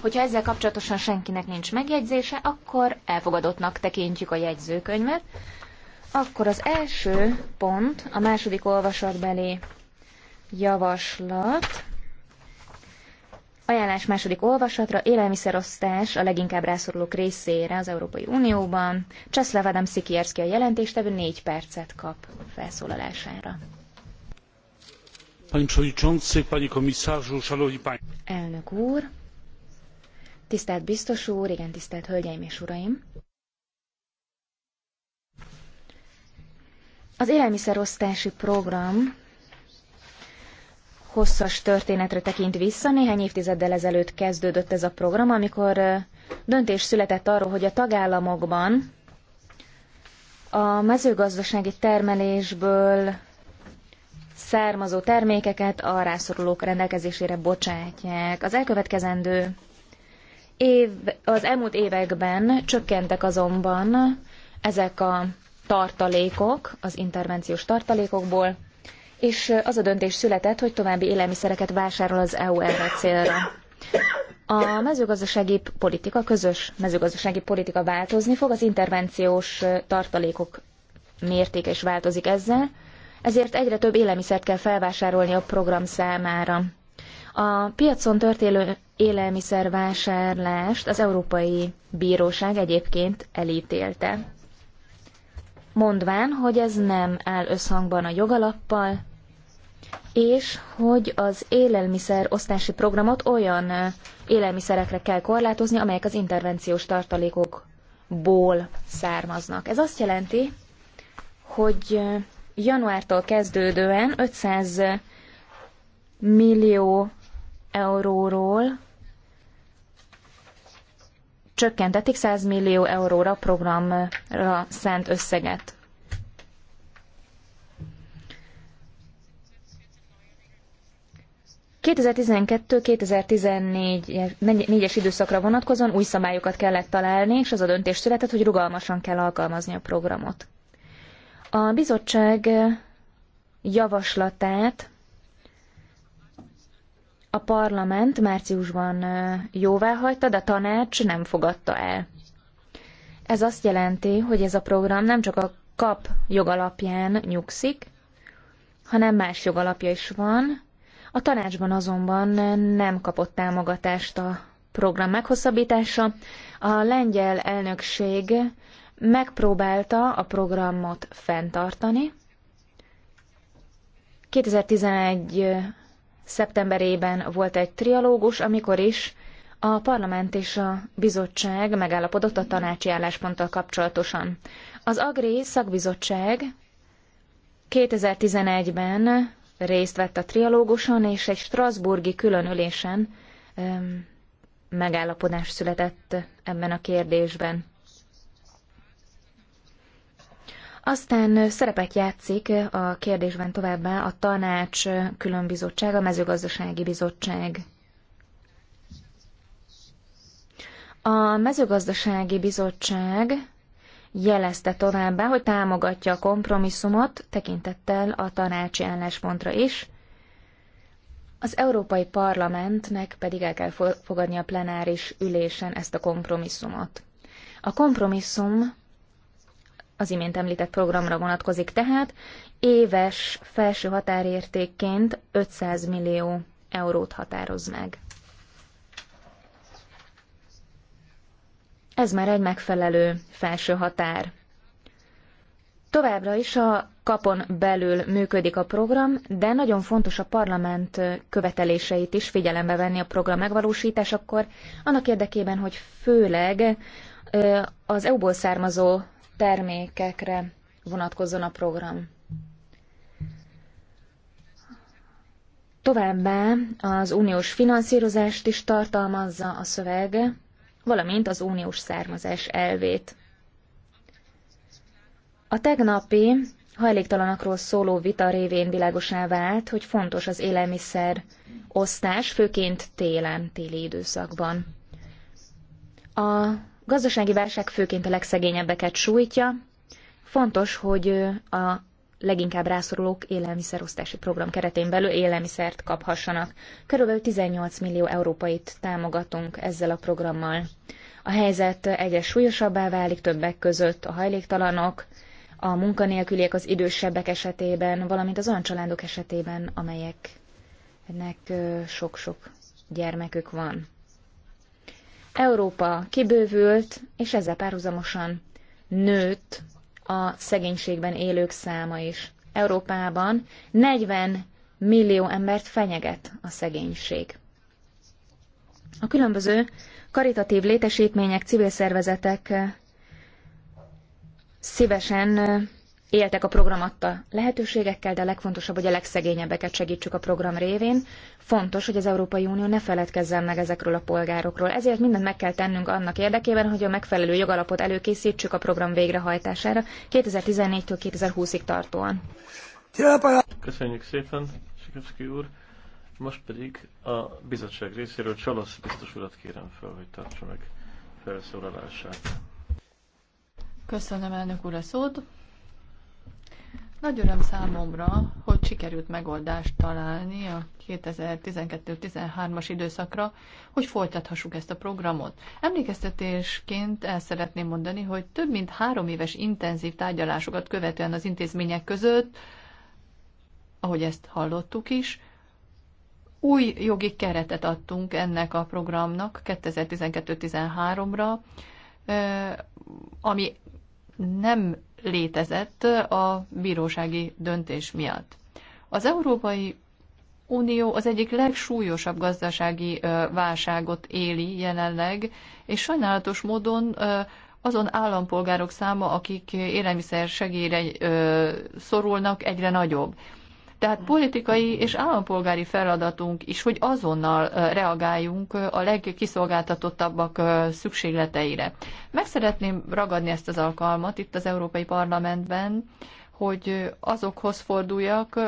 Hogyha ezzel kapcsolatosan senkinek nincs megjegyzése, akkor elfogadottnak tekintjük a jegyzőkönyvet. Akkor az első pont, a második olvasatbeli javaslat, ajánlás második olvasatra, élelmiszerosztás a leginkább rászorulók részére az Európai Unióban. Cseszlev Adam Szikierszki a jelentéstevő négy percet kap felszólalására. Panie Przewodniczący, Panie Komisarzu, Szanowni Elnök úr, Tisztelt biztos úr, igen, tisztelt hölgyeim és uraim! Az élelmiszerosztási program hosszas történetre tekint vissza. Néhány évtizeddel ezelőtt kezdődött ez a program, amikor döntés született arról, hogy a tagállamokban a mezőgazdasági termelésből származó termékeket a rászorulók rendelkezésére bocsátják. Az elkövetkezendő év, az elmúlt években csökkentek azonban ezek a tartalékok, az intervenciós tartalékokból, és az a döntés született, hogy további élelmiszereket vásárol az EU erre a célra. A mezőgazdasági politika, közös mezőgazdasági politika változni fog, az intervenciós tartalékok mértéke is változik ezzel, ezért egyre több élelmiszert kell felvásárolni a program számára. A piacon történő élelmiszervásárlást az Európai Bíróság egyébként elítélte. Mondván, hogy ez nem áll összhangban a jogalappal, és hogy az élelmiszer osztási programot olyan élelmiszerekre kell korlátozni, amelyek az intervenciós tartalékokból származnak. Ez azt jelenti, hogy januártól kezdődően 500 millió euróról csökkentették 100 millió euróra programra szánt összeget. ...2012-2014-es időszakra vonatkozóan új szabályokat kellett találni, és az a döntés született, hogy rugalmasan kell alkalmazni a programot. A bizottság javaslatát a parlament márciusban jóváhagyta, de a tanács nem fogadta el. Ez azt jelenti, hogy ez a program nem csak a kap jogalapján nyugszik, hanem más jogalapja is van. A tanácsban azonban nem kapott támogatást a program meghosszabbítása. A lengyel elnökség megpróbálta a programot fenntartani. 2011 Szeptemberében volt egy trialógus, amikor is a parlament és a bizottság megállapodott a tanácsi állásponttal kapcsolatosan. Az Agri szakbizottság 2011-ben részt vett a trialóguson, és egy Strasburgi különülésen megállapodás született ebben a kérdésben. Aztán szerepet játszik a kérdésben továbbá a tanács különbizottság, a mezőgazdasági bizottság. A mezőgazdasági bizottság jelezte továbbá, hogy támogatja a kompromisszumot tekintettel a tanácsi álláspontra is, az Európai Parlamentnek pedig el kell fogadni a plenáris ülésen ezt a kompromisszumot. A kompromisszum az imént említett programra vonatkozik tehát, éves felső határértékként 500 millió eurót határoz meg. Ez már egy megfelelő felső határ. Továbbra is a kapon belül működik a program, de nagyon fontos a parlament követeléseit is figyelembe venni a program megvalósításakor, annak érdekében, hogy főleg az EU-ból származó termékekre vonatkozzon a program. Továbbá az uniós finanszírozást is tartalmazza a szöveg, valamint az uniós származás elvét. A tegnapi hajléktalanakról szóló vita révén világosá vált, hogy fontos az élelmiszer osztás, főként télen, téli időszakban. A gazdasági válság főként a legszegényebbeket sújtja. Fontos, hogy a leginkább rászorulók élelmiszerosztási program keretén belül élelmiszert kaphassanak. Körülbelül 18 millió európait támogatunk ezzel a programmal. A helyzet egyre súlyosabbá válik többek között a hajléktalanok, a munkanélküliek az idősebbek esetében, valamint az olyan családok esetében, amelyeknek sok-sok gyermekük van. Európa kibővült, és ezzel párhuzamosan nőtt a szegénységben élők száma is. Európában 40 millió embert fenyeget a szegénység. A különböző karitatív létesítmények, civil szervezetek szívesen éltek a program adta lehetőségekkel, de a legfontosabb, hogy a legszegényebbeket segítsük a program révén. Fontos, hogy az Európai Unió ne feledkezzen meg ezekről a polgárokról. Ezért mindent meg kell tennünk annak érdekében, hogy a megfelelő jogalapot előkészítsük a program végrehajtására 2014-től 2020-ig tartóan. Köszönjük szépen, Sikorszki úr. Most pedig a bizottság részéről Csalasz biztos urat kérem fel, hogy tartsa meg felszólalását. Köszönöm elnök úr a szót. Nagy öröm számomra, hogy sikerült megoldást találni a 2012-13-as időszakra, hogy folytathassuk ezt a programot. Emlékeztetésként el szeretném mondani, hogy több mint három éves intenzív tárgyalásokat követően az intézmények között, ahogy ezt hallottuk is, új jogi keretet adtunk ennek a programnak 2012-13-ra, ami nem létezett a bírósági döntés miatt. Az Európai Unió az egyik legsúlyosabb gazdasági válságot éli jelenleg, és sajnálatos módon azon állampolgárok száma, akik élelmiszer segélyre szorulnak, egyre nagyobb. Tehát politikai és állampolgári feladatunk is, hogy azonnal reagáljunk a legkiszolgáltatottabbak szükségleteire. Meg szeretném ragadni ezt az alkalmat itt az Európai Parlamentben, hogy azokhoz forduljak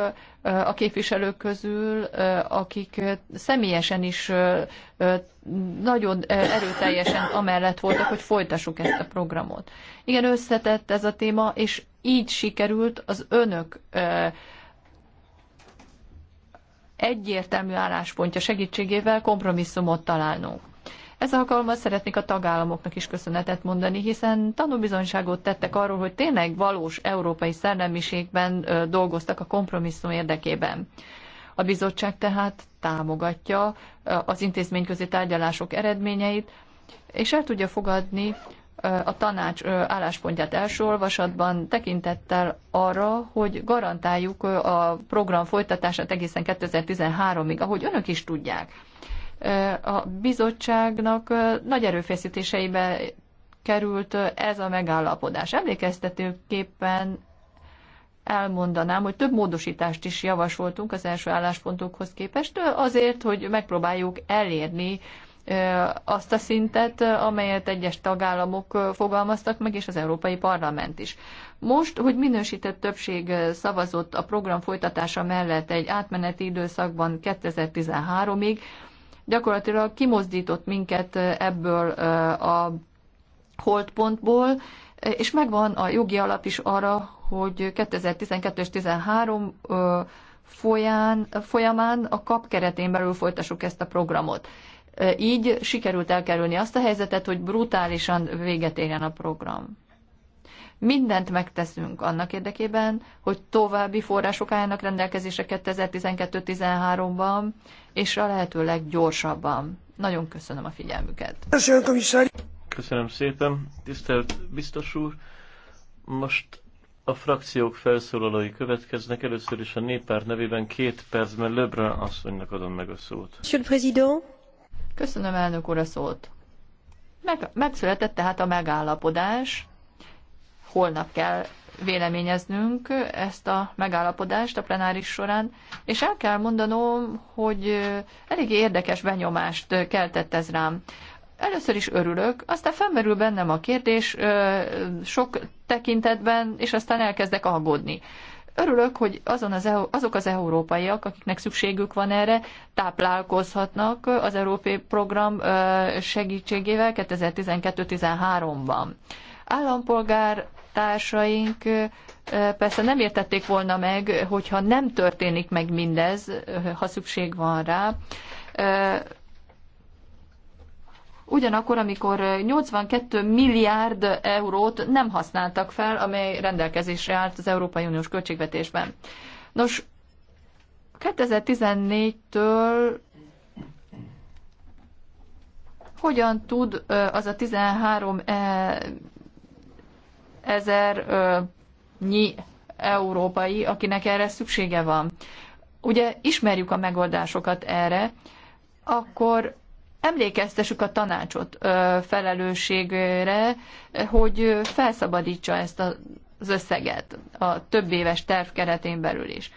a képviselők közül, akik személyesen is nagyon erőteljesen amellett voltak, hogy folytassuk ezt a programot. Igen, összetett ez a téma, és így sikerült az önök egyértelmű álláspontja segítségével kompromisszumot találnunk. Ez alkalommal szeretnék a tagállamoknak is köszönetet mondani, hiszen tanúbizonyságot tettek arról, hogy tényleg valós európai szellemiségben dolgoztak a kompromisszum érdekében. A bizottság tehát támogatja az intézményközi tárgyalások eredményeit, és el tudja fogadni a tanács álláspontját első olvasatban tekintettel arra, hogy garantáljuk a program folytatását egészen 2013-ig, ahogy önök is tudják. A bizottságnak nagy erőfeszítéseibe került ez a megállapodás. Emlékeztetőképpen elmondanám, hogy több módosítást is javasoltunk az első álláspontokhoz képest, azért, hogy megpróbáljuk elérni azt a szintet, amelyet egyes tagállamok fogalmaztak meg, és az Európai Parlament is. Most, hogy minősített többség szavazott a program folytatása mellett egy átmeneti időszakban 2013-ig, gyakorlatilag kimozdított minket ebből a holdpontból, és megvan a jogi alap is arra, hogy 2012 és 2013 folyán, folyamán a kap keretén belül folytassuk ezt a programot. Így sikerült elkerülni azt a helyzetet, hogy brutálisan véget érjen a program. Mindent megteszünk annak érdekében, hogy további források álljanak rendelkezésre 2012-13-ban, és a lehető leggyorsabban. Nagyon köszönöm a figyelmüket. Köszönöm szépen, tisztelt biztos úr. Most a frakciók felszólalói következnek. Először is a néppárt nevében két percben Löbra asszonynak adom meg a szót. Monsieur le Président, Köszönöm, elnök úr, a szót. Meg, megszületett tehát a megállapodás. Holnap kell véleményeznünk ezt a megállapodást a plenáris során, és el kell mondanom, hogy elég érdekes benyomást keltett ez rám. Először is örülök, aztán felmerül bennem a kérdés sok tekintetben, és aztán elkezdek aggódni. Örülök, hogy azon az, azok az európaiak, akiknek szükségük van erre, táplálkozhatnak az Európai Program segítségével 2012-13-ban. Állampolgár társaink persze nem értették volna meg, hogyha nem történik meg mindez, ha szükség van rá, ugyanakkor, amikor 82 milliárd eurót nem használtak fel, amely rendelkezésre állt az Európai Uniós költségvetésben. Nos, 2014-től hogyan tud az a 13 e, ezer nyi európai, akinek erre szüksége van. Ugye ismerjük a megoldásokat erre, akkor emlékeztessük a tanácsot felelősségre, hogy felszabadítsa ezt az összeget a több éves terv keretén belül is.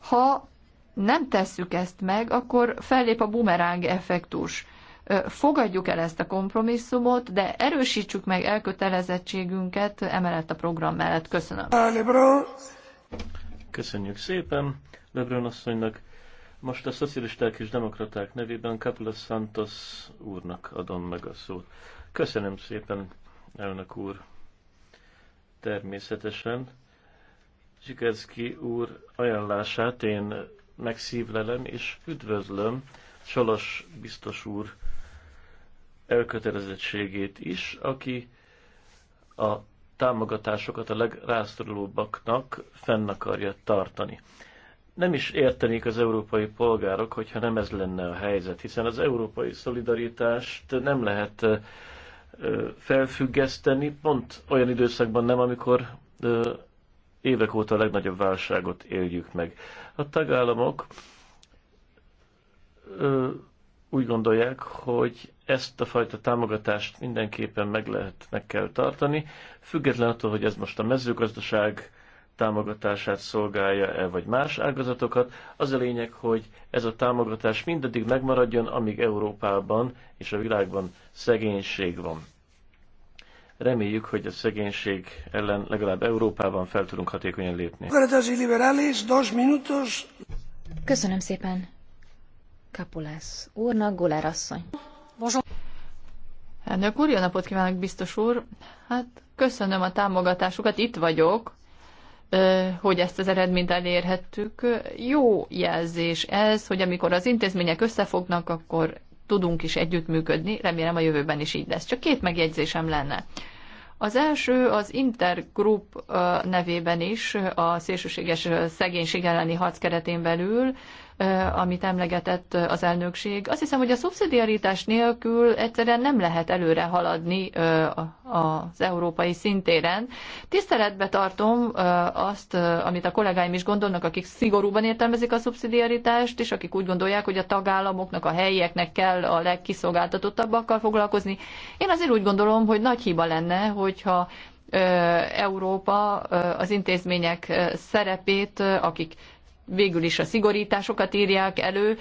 Ha nem tesszük ezt meg, akkor fellép a bumeráng effektus. Fogadjuk el ezt a kompromisszumot, de erősítsük meg elkötelezettségünket emellett a program mellett. Köszönöm. Köszönjük szépen Lebron asszonynak. Most a szocialisták és demokraták nevében Kapula Santos úrnak adom meg a szót. Köszönöm szépen, elnök úr. Természetesen Zsikerszki úr ajánlását én megszívlelem és üdvözlöm Csalas biztos úr elkötelezettségét is, aki a támogatásokat a legrásztorulóbbaknak fenn akarja tartani nem is értenék az európai polgárok, hogyha nem ez lenne a helyzet, hiszen az európai szolidaritást nem lehet felfüggeszteni, pont olyan időszakban nem, amikor évek óta a legnagyobb válságot éljük meg. A tagállamok úgy gondolják, hogy ezt a fajta támogatást mindenképpen meg lehet, meg kell tartani, független attól, hogy ez most a mezőgazdaság, támogatását szolgálja-e, vagy más ágazatokat. Az a lényeg, hogy ez a támogatás mindaddig megmaradjon, amíg Európában és a világban szegénység van. Reméljük, hogy a szegénység ellen legalább Európában fel tudunk hatékonyan lépni. Köszönöm szépen Kapulász úrnak, Gulár asszony. Elnök úr, jó napot kívánok, biztos úr! Hát köszönöm a támogatásukat, itt vagyok hogy ezt az eredményt elérhettük. Jó jelzés ez, hogy amikor az intézmények összefognak, akkor tudunk is együttműködni, remélem a jövőben is így lesz. Csak két megjegyzésem lenne. Az első az Intergroup nevében is, a szélsőséges szegénység elleni harc keretén belül amit emlegetett az elnökség. Azt hiszem, hogy a szubszidiaritás nélkül egyszerűen nem lehet előre haladni az európai szintéren. Tiszteletbe tartom azt, amit a kollégáim is gondolnak, akik szigorúban értelmezik a szubszidiaritást, és akik úgy gondolják, hogy a tagállamoknak, a helyieknek kell a legkiszolgáltatottabbakkal foglalkozni. Én azért úgy gondolom, hogy nagy hiba lenne, hogyha Európa az intézmények szerepét, akik végül is a szigorításokat írják elő,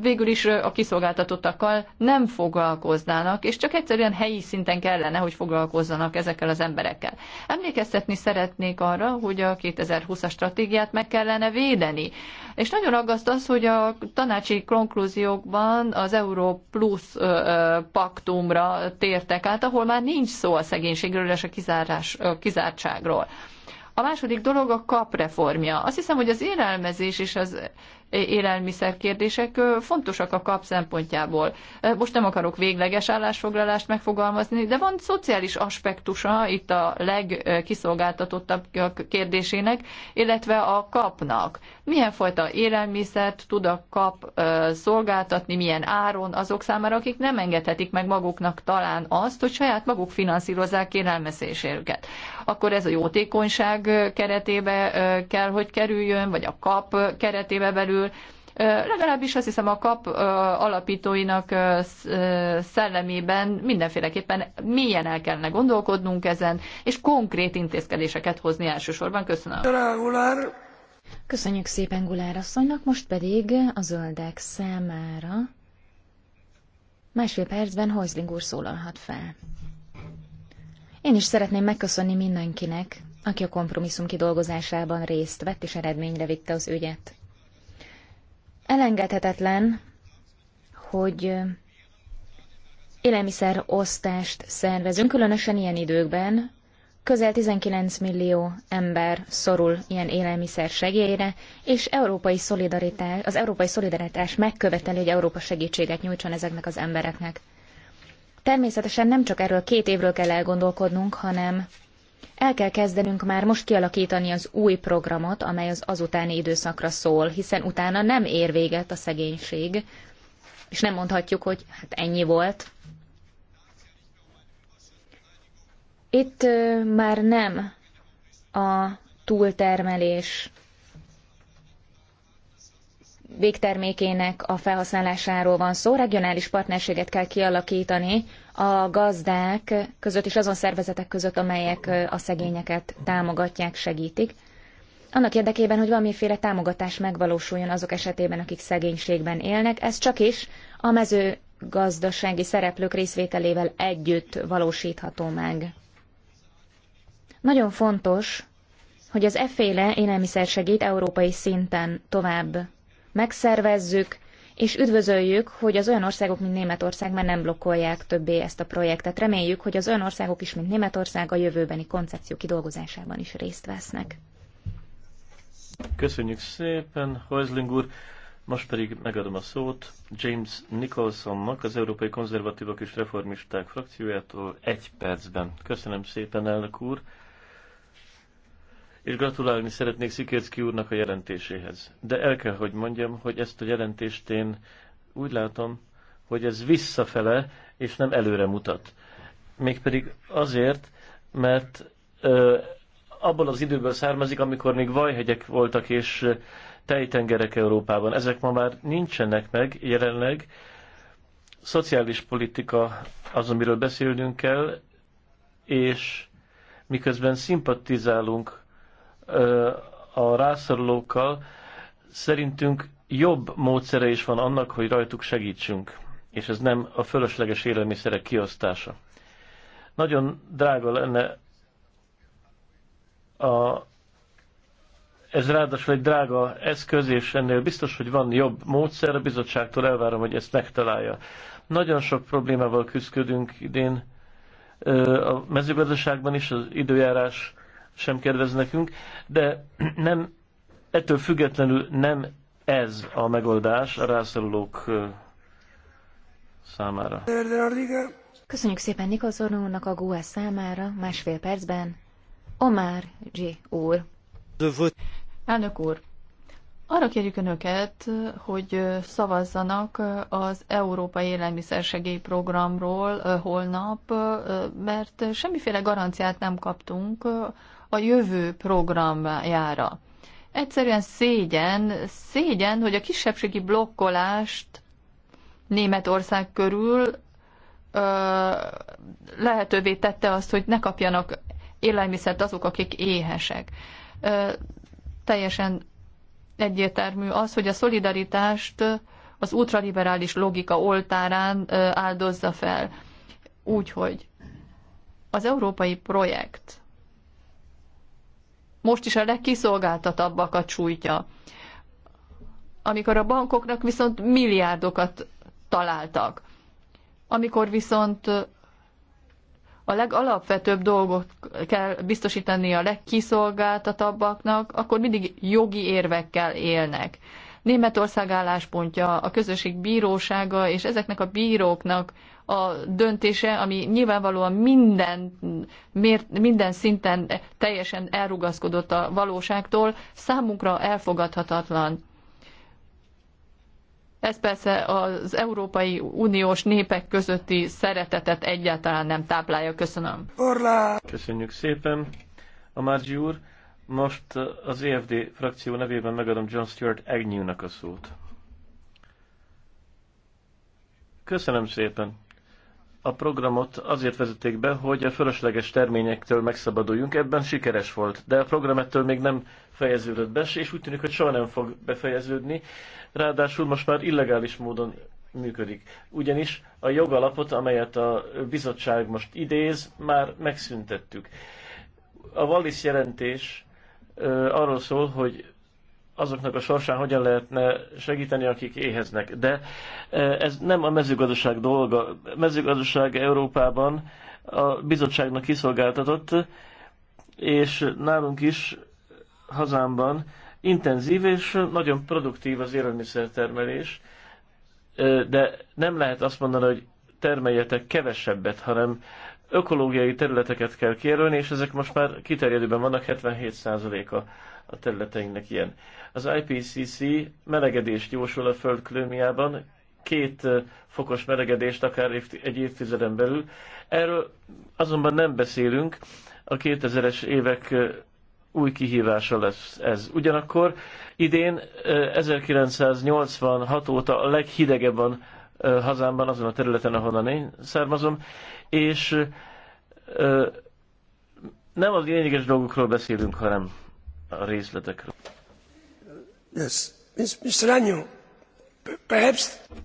végül is a kiszolgáltatottakkal nem foglalkoznának, és csak egyszerűen helyi szinten kellene, hogy foglalkozzanak ezekkel az emberekkel. Emlékeztetni szeretnék arra, hogy a 2020-as stratégiát meg kellene védeni. És nagyon aggaszt az, hogy a tanácsi konklúziókban az Euró Plus paktumra tértek át, ahol már nincs szó a szegénységről és a kizárás, kizártságról. A második dolog a kapreformja. Azt hiszem, hogy az élelmezés és az élelmiszer kérdések fontosak a kap szempontjából. Most nem akarok végleges állásfoglalást megfogalmazni, de van szociális aspektusa itt a legkiszolgáltatottabb kérdésének, illetve a kapnak. Milyen fajta élelmiszert tud a kap szolgáltatni, milyen áron azok számára, akik nem engedhetik meg maguknak talán azt, hogy saját maguk finanszírozzák élelmezésérüket. Akkor ez a jótékonyság keretébe kell, hogy kerüljön, vagy a kap keretébe belül kerül. Legalábbis azt hiszem a kap alapítóinak szellemében mindenféleképpen mélyen el kellene gondolkodnunk ezen, és konkrét intézkedéseket hozni elsősorban. Köszönöm. Köszönjük szépen Gulár asszonynak, most pedig a zöldek számára másfél percben Hojzling úr szólalhat fel. Én is szeretném megköszönni mindenkinek, aki a kompromisszum kidolgozásában részt vett és eredményre vitte az ügyet. Elengedhetetlen, hogy élelmiszer osztást szervezünk, különösen ilyen időkben. Közel 19 millió ember szorul ilyen élelmiszer segélyre, és európai szolidaritás, az európai szolidaritás megköveteli, hogy Európa segítséget nyújtson ezeknek az embereknek. Természetesen nem csak erről két évről kell elgondolkodnunk, hanem el kell kezdenünk már most kialakítani az új programot, amely az azutáni időszakra szól, hiszen utána nem ér véget a szegénység, és nem mondhatjuk, hogy hát ennyi volt. Itt már nem a túltermelés végtermékének a felhasználásáról van szó, regionális partnerséget kell kialakítani a gazdák között és azon szervezetek között, amelyek a szegényeket támogatják, segítik. Annak érdekében, hogy valamiféle támogatás megvalósuljon azok esetében, akik szegénységben élnek, ez csak is a mezőgazdasági szereplők részvételével együtt valósítható meg. Nagyon fontos, hogy az efféle élelmiszersegít európai szinten tovább megszervezzük, és üdvözöljük, hogy az olyan országok, mint Németország már nem blokkolják többé ezt a projektet. Reméljük, hogy az olyan országok is, mint Németország a jövőbeni koncepció kidolgozásában is részt vesznek. Köszönjük szépen, Hojzling úr! Most pedig megadom a szót James Nicholsonnak, az Európai Konzervatívok és Reformisták frakciójától egy percben. Köszönöm szépen, elnök úr! és gratulálni szeretnék Szikérszki úrnak a jelentéséhez. De el kell, hogy mondjam, hogy ezt a jelentést én úgy látom, hogy ez visszafele, és nem előre mutat. Mégpedig azért, mert ö, abból az időből származik, amikor még vajhegyek voltak, és tejtengerek Európában. Ezek ma már nincsenek meg jelenleg. Szociális politika az, amiről beszélnünk kell, és miközben szimpatizálunk a rászorulókkal, szerintünk jobb módszere is van annak, hogy rajtuk segítsünk, és ez nem a fölösleges élelmiszerek kiosztása. Nagyon drága lenne a, ez ráadásul egy drága eszköz, és ennél biztos, hogy van jobb módszer, a bizottságtól elvárom, hogy ezt megtalálja. Nagyon sok problémával küzdködünk idén, a mezőgazdaságban is az időjárás sem kedvez nekünk, de nem, ettől függetlenül nem ez a megoldás a rászorulók számára. Köszönjük szépen Nikolson úrnak a GUA számára, másfél percben. Omar G. úr. Elnök úr, arra kérjük Önöket, hogy szavazzanak az Európai Élelmiszersegély Programról holnap, mert semmiféle garanciát nem kaptunk a jövő programjára. Egyszerűen szégyen, szégyen, hogy a kisebbségi blokkolást Németország körül ö, lehetővé tette azt, hogy ne kapjanak élelmiszert azok, akik éhesek. Ö, teljesen egyértelmű az, hogy a szolidaritást az ultraliberális logika oltárán áldozza fel. Úgyhogy az európai projekt most is a legkiszolgáltatabbakat sújtja. Amikor a bankoknak viszont milliárdokat találtak. Amikor viszont a legalapvetőbb dolgot kell biztosítani a legkiszolgáltatabbaknak, akkor mindig jogi érvekkel élnek. Németország álláspontja, a közösség bírósága és ezeknek a bíróknak a döntése, ami nyilvánvalóan minden, minden szinten teljesen elrugaszkodott a valóságtól, számunkra elfogadhatatlan. Ez persze az Európai Uniós népek közötti szeretetet egyáltalán nem táplálja. Köszönöm. Orlá! Köszönjük szépen, Amárgyi úr. Most az EFD frakció nevében megadom John Stuart Agnew-nak a szót. Köszönöm szépen, a programot azért vezették be, hogy a fölösleges terményektől megszabaduljunk, ebben sikeres volt, de a program ettől még nem fejeződött be, és úgy tűnik, hogy soha nem fog befejeződni, ráadásul most már illegális módon működik. Ugyanis a jogalapot, amelyet a bizottság most idéz, már megszüntettük. A Wallis jelentés arról szól, hogy azoknak a sorsán hogyan lehetne segíteni, akik éheznek. De e, ez nem a mezőgazdaság dolga. A mezőgazdaság Európában a bizottságnak kiszolgáltatott, és nálunk is, hazámban intenzív és nagyon produktív az élelmiszertermelés, e, de nem lehet azt mondani, hogy termeljetek kevesebbet, hanem ökológiai területeket kell kérni, és ezek most már kiterjedőben vannak, 77%-a a területeinknek ilyen. Az IPCC melegedést jósol a Föld klőmiában, két fokos melegedést akár egy évtizeden belül. Erről azonban nem beszélünk, a 2000-es évek új kihívása lesz ez. Ugyanakkor idén 1986 óta a leghidegebb van hazámban, azon a területen, ahonnan én származom, és nem az lényeges dolgokról beszélünk, hanem a részletekről.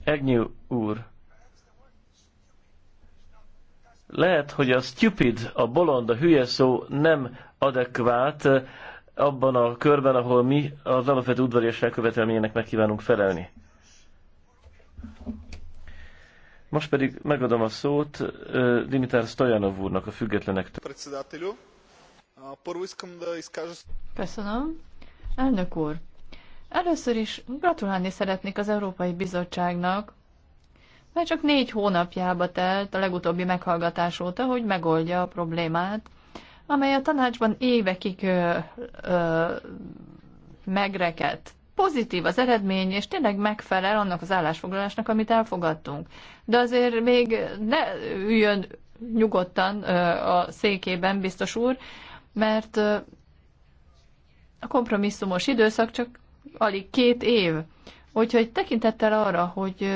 Agnew, úr, lehet, hogy a stupid, a bolond, a hülye szó nem adekvát eh, abban a körben, ahol mi az alapvető udvariasság követelményének meg kívánunk felelni. Most pedig megadom a szót eh, Dimitár Stojanov úrnak, a függetlenek. Köszönöm. Elnök úr, Először is gratulálni szeretnék az Európai Bizottságnak, mert csak négy hónapjába telt a legutóbbi meghallgatás óta, hogy megoldja a problémát, amely a tanácsban évekig ö, ö, megrekedt. Pozitív az eredmény, és tényleg megfelel annak az állásfoglalásnak, amit elfogadtunk. De azért még ne üljön nyugodtan ö, a székében, biztos úr, mert ö, a kompromisszumos időszak csak alig két év. Úgyhogy tekintettel arra, hogy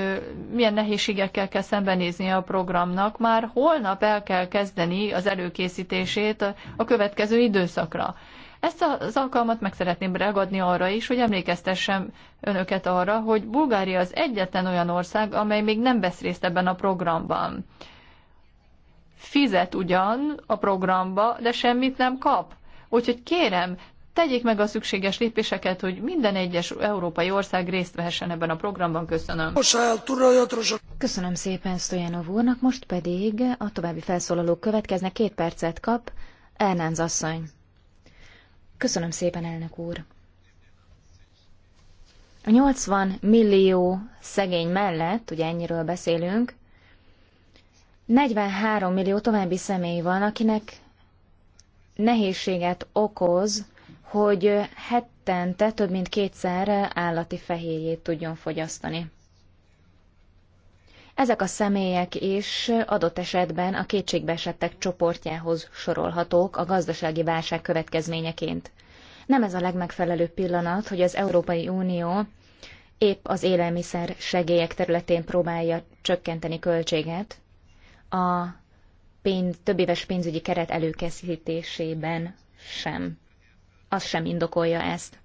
milyen nehézségekkel kell szembenézni a programnak, már holnap el kell kezdeni az előkészítését a következő időszakra. Ezt az alkalmat meg szeretném ragadni arra is, hogy emlékeztessem önöket arra, hogy Bulgária az egyetlen olyan ország, amely még nem vesz részt ebben a programban. Fizet ugyan a programba, de semmit nem kap. Úgyhogy kérem, tegyék meg a szükséges lépéseket, hogy minden egyes európai ország részt vehessen ebben a programban. Köszönöm. Köszönöm szépen Stojanov úrnak, most pedig a további felszólalók következnek, két percet kap Ernánz asszony. Köszönöm szépen, elnök úr. A 80 millió szegény mellett, ugye ennyiről beszélünk, 43 millió további személy van, akinek nehézséget okoz hogy hetente több mint kétszer állati fehérjét tudjon fogyasztani. Ezek a személyek is adott esetben a kétségbeesettek csoportjához sorolhatók a gazdasági válság következményeként. Nem ez a legmegfelelőbb pillanat, hogy az Európai Unió épp az élelmiszer segélyek területén próbálja csökkenteni költséget, a pénz, többéves pénzügyi keret előkészítésében sem az sem indokolja ezt.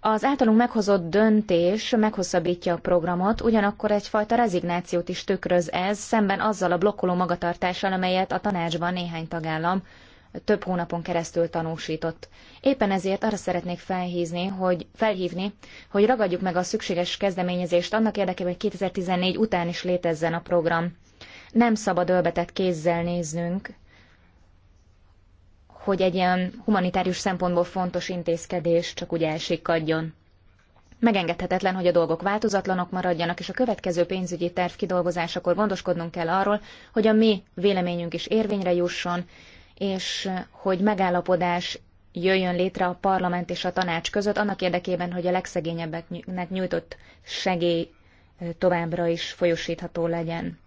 Az általunk meghozott döntés meghosszabbítja a programot, ugyanakkor egyfajta rezignációt is tükröz ez, szemben azzal a blokkoló magatartással, amelyet a tanácsban néhány tagállam több hónapon keresztül tanúsított. Éppen ezért arra szeretnék felhízni, hogy, felhívni, hogy ragadjuk meg a szükséges kezdeményezést annak érdekében, hogy 2014 után is létezzen a program. Nem szabad ölbetett kézzel néznünk hogy egy ilyen humanitárius szempontból fontos intézkedés csak úgy elsikadjon. Megengedhetetlen, hogy a dolgok változatlanok maradjanak, és a következő pénzügyi terv kidolgozásakor gondoskodnunk kell arról, hogy a mi véleményünk is érvényre jusson, és hogy megállapodás jöjjön létre a parlament és a tanács között, annak érdekében, hogy a legszegényebbeknek nyújtott segély továbbra is folyosítható legyen.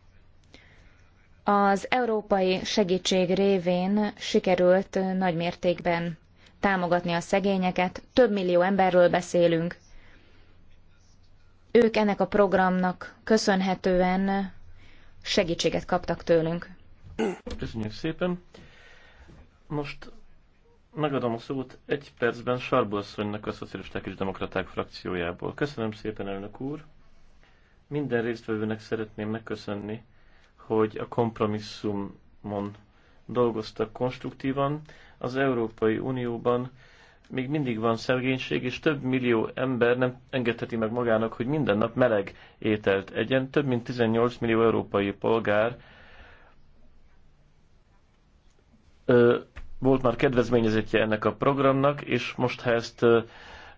Az európai segítség révén sikerült nagy mértékben támogatni a szegényeket. Több millió emberről beszélünk. Ők ennek a programnak köszönhetően segítséget kaptak tőlünk. Köszönjük szépen. Most megadom a szót egy percben Sarbolszonynak a Szocialisták és Demokraták frakciójából. Köszönöm szépen, elnök úr! Minden résztvevőnek szeretném megköszönni hogy a kompromisszumon dolgoztak konstruktívan. Az Európai Unióban még mindig van szegénység, és több millió ember nem engedheti meg magának, hogy minden nap meleg ételt egyen. Több mint 18 millió európai polgár ö, volt már kedvezményezetje ennek a programnak, és most ha ezt ö,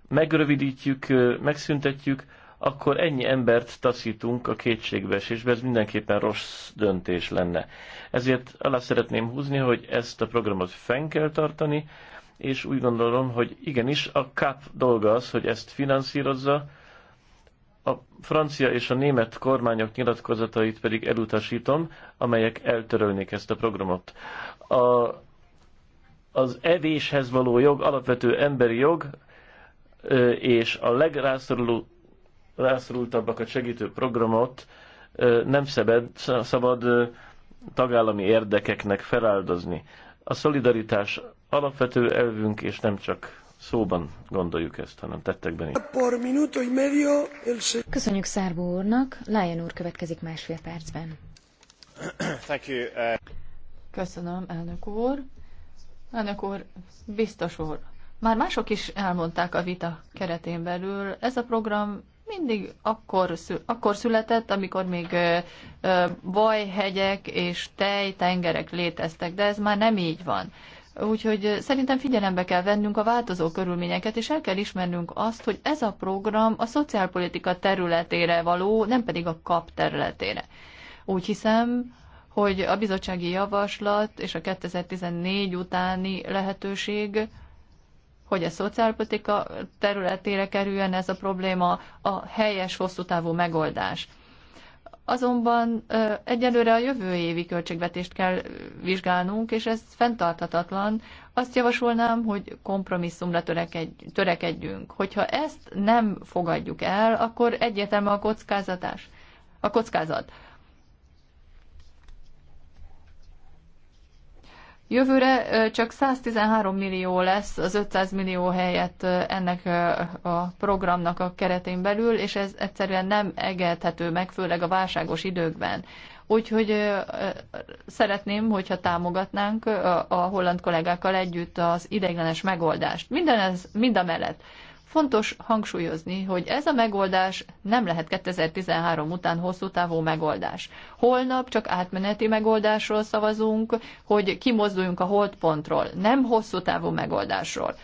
megrövidítjük, ö, megszüntetjük, akkor ennyi embert taszítunk a kétségbeesésbe, ez mindenképpen rossz döntés lenne. Ezért alá szeretném húzni, hogy ezt a programot fenn kell tartani, és úgy gondolom, hogy igenis a CAP dolga az, hogy ezt finanszírozza, a francia és a német kormányok nyilatkozatait pedig elutasítom, amelyek eltörölnék ezt a programot. A, az evéshez való jog alapvető emberi jog, és a legrászoruló rászorultabbakat segítő programot nem szabad, szabad tagállami érdekeknek feláldozni. A szolidaritás alapvető elvünk, és nem csak szóban gondoljuk ezt, hanem tettekben is. Köszönjük Szárbó úrnak. Lion úr következik másfél percben. Uh, Köszönöm, elnök úr. Elnök úr, biztos úr. Már mások is elmondták a vita keretén belül. Ez a program mindig akkor, akkor született, amikor még vajhegyek és tejtengerek léteztek, de ez már nem így van. Úgyhogy szerintem figyelembe kell vennünk a változó körülményeket, és el kell ismernünk azt, hogy ez a program a szociálpolitika területére való, nem pedig a kap területére. Úgy hiszem, hogy a bizottsági javaslat és a 2014 utáni lehetőség hogy a szociálpolitika területére kerüljön ez a probléma, a helyes, hosszú távú megoldás. Azonban egyelőre a jövő évi költségvetést kell vizsgálnunk, és ez fenntarthatatlan. Azt javasolnám, hogy kompromisszumra törekedjünk. Hogyha ezt nem fogadjuk el, akkor egyértelmű a kockázatás. A kockázat. Jövőre csak 113 millió lesz az 500 millió helyett ennek a programnak a keretén belül, és ez egyszerűen nem egelthető meg, főleg a válságos időkben. Úgyhogy szeretném, hogyha támogatnánk a holland kollégákkal együtt az ideiglenes megoldást. Minden ez, mind a mellett Fontos hangsúlyozni, hogy ez a megoldás nem lehet 2013 után hosszú távú megoldás. Holnap csak átmeneti megoldásról szavazunk, hogy kimozduljunk a holdpontról, nem hosszú távú megoldásról.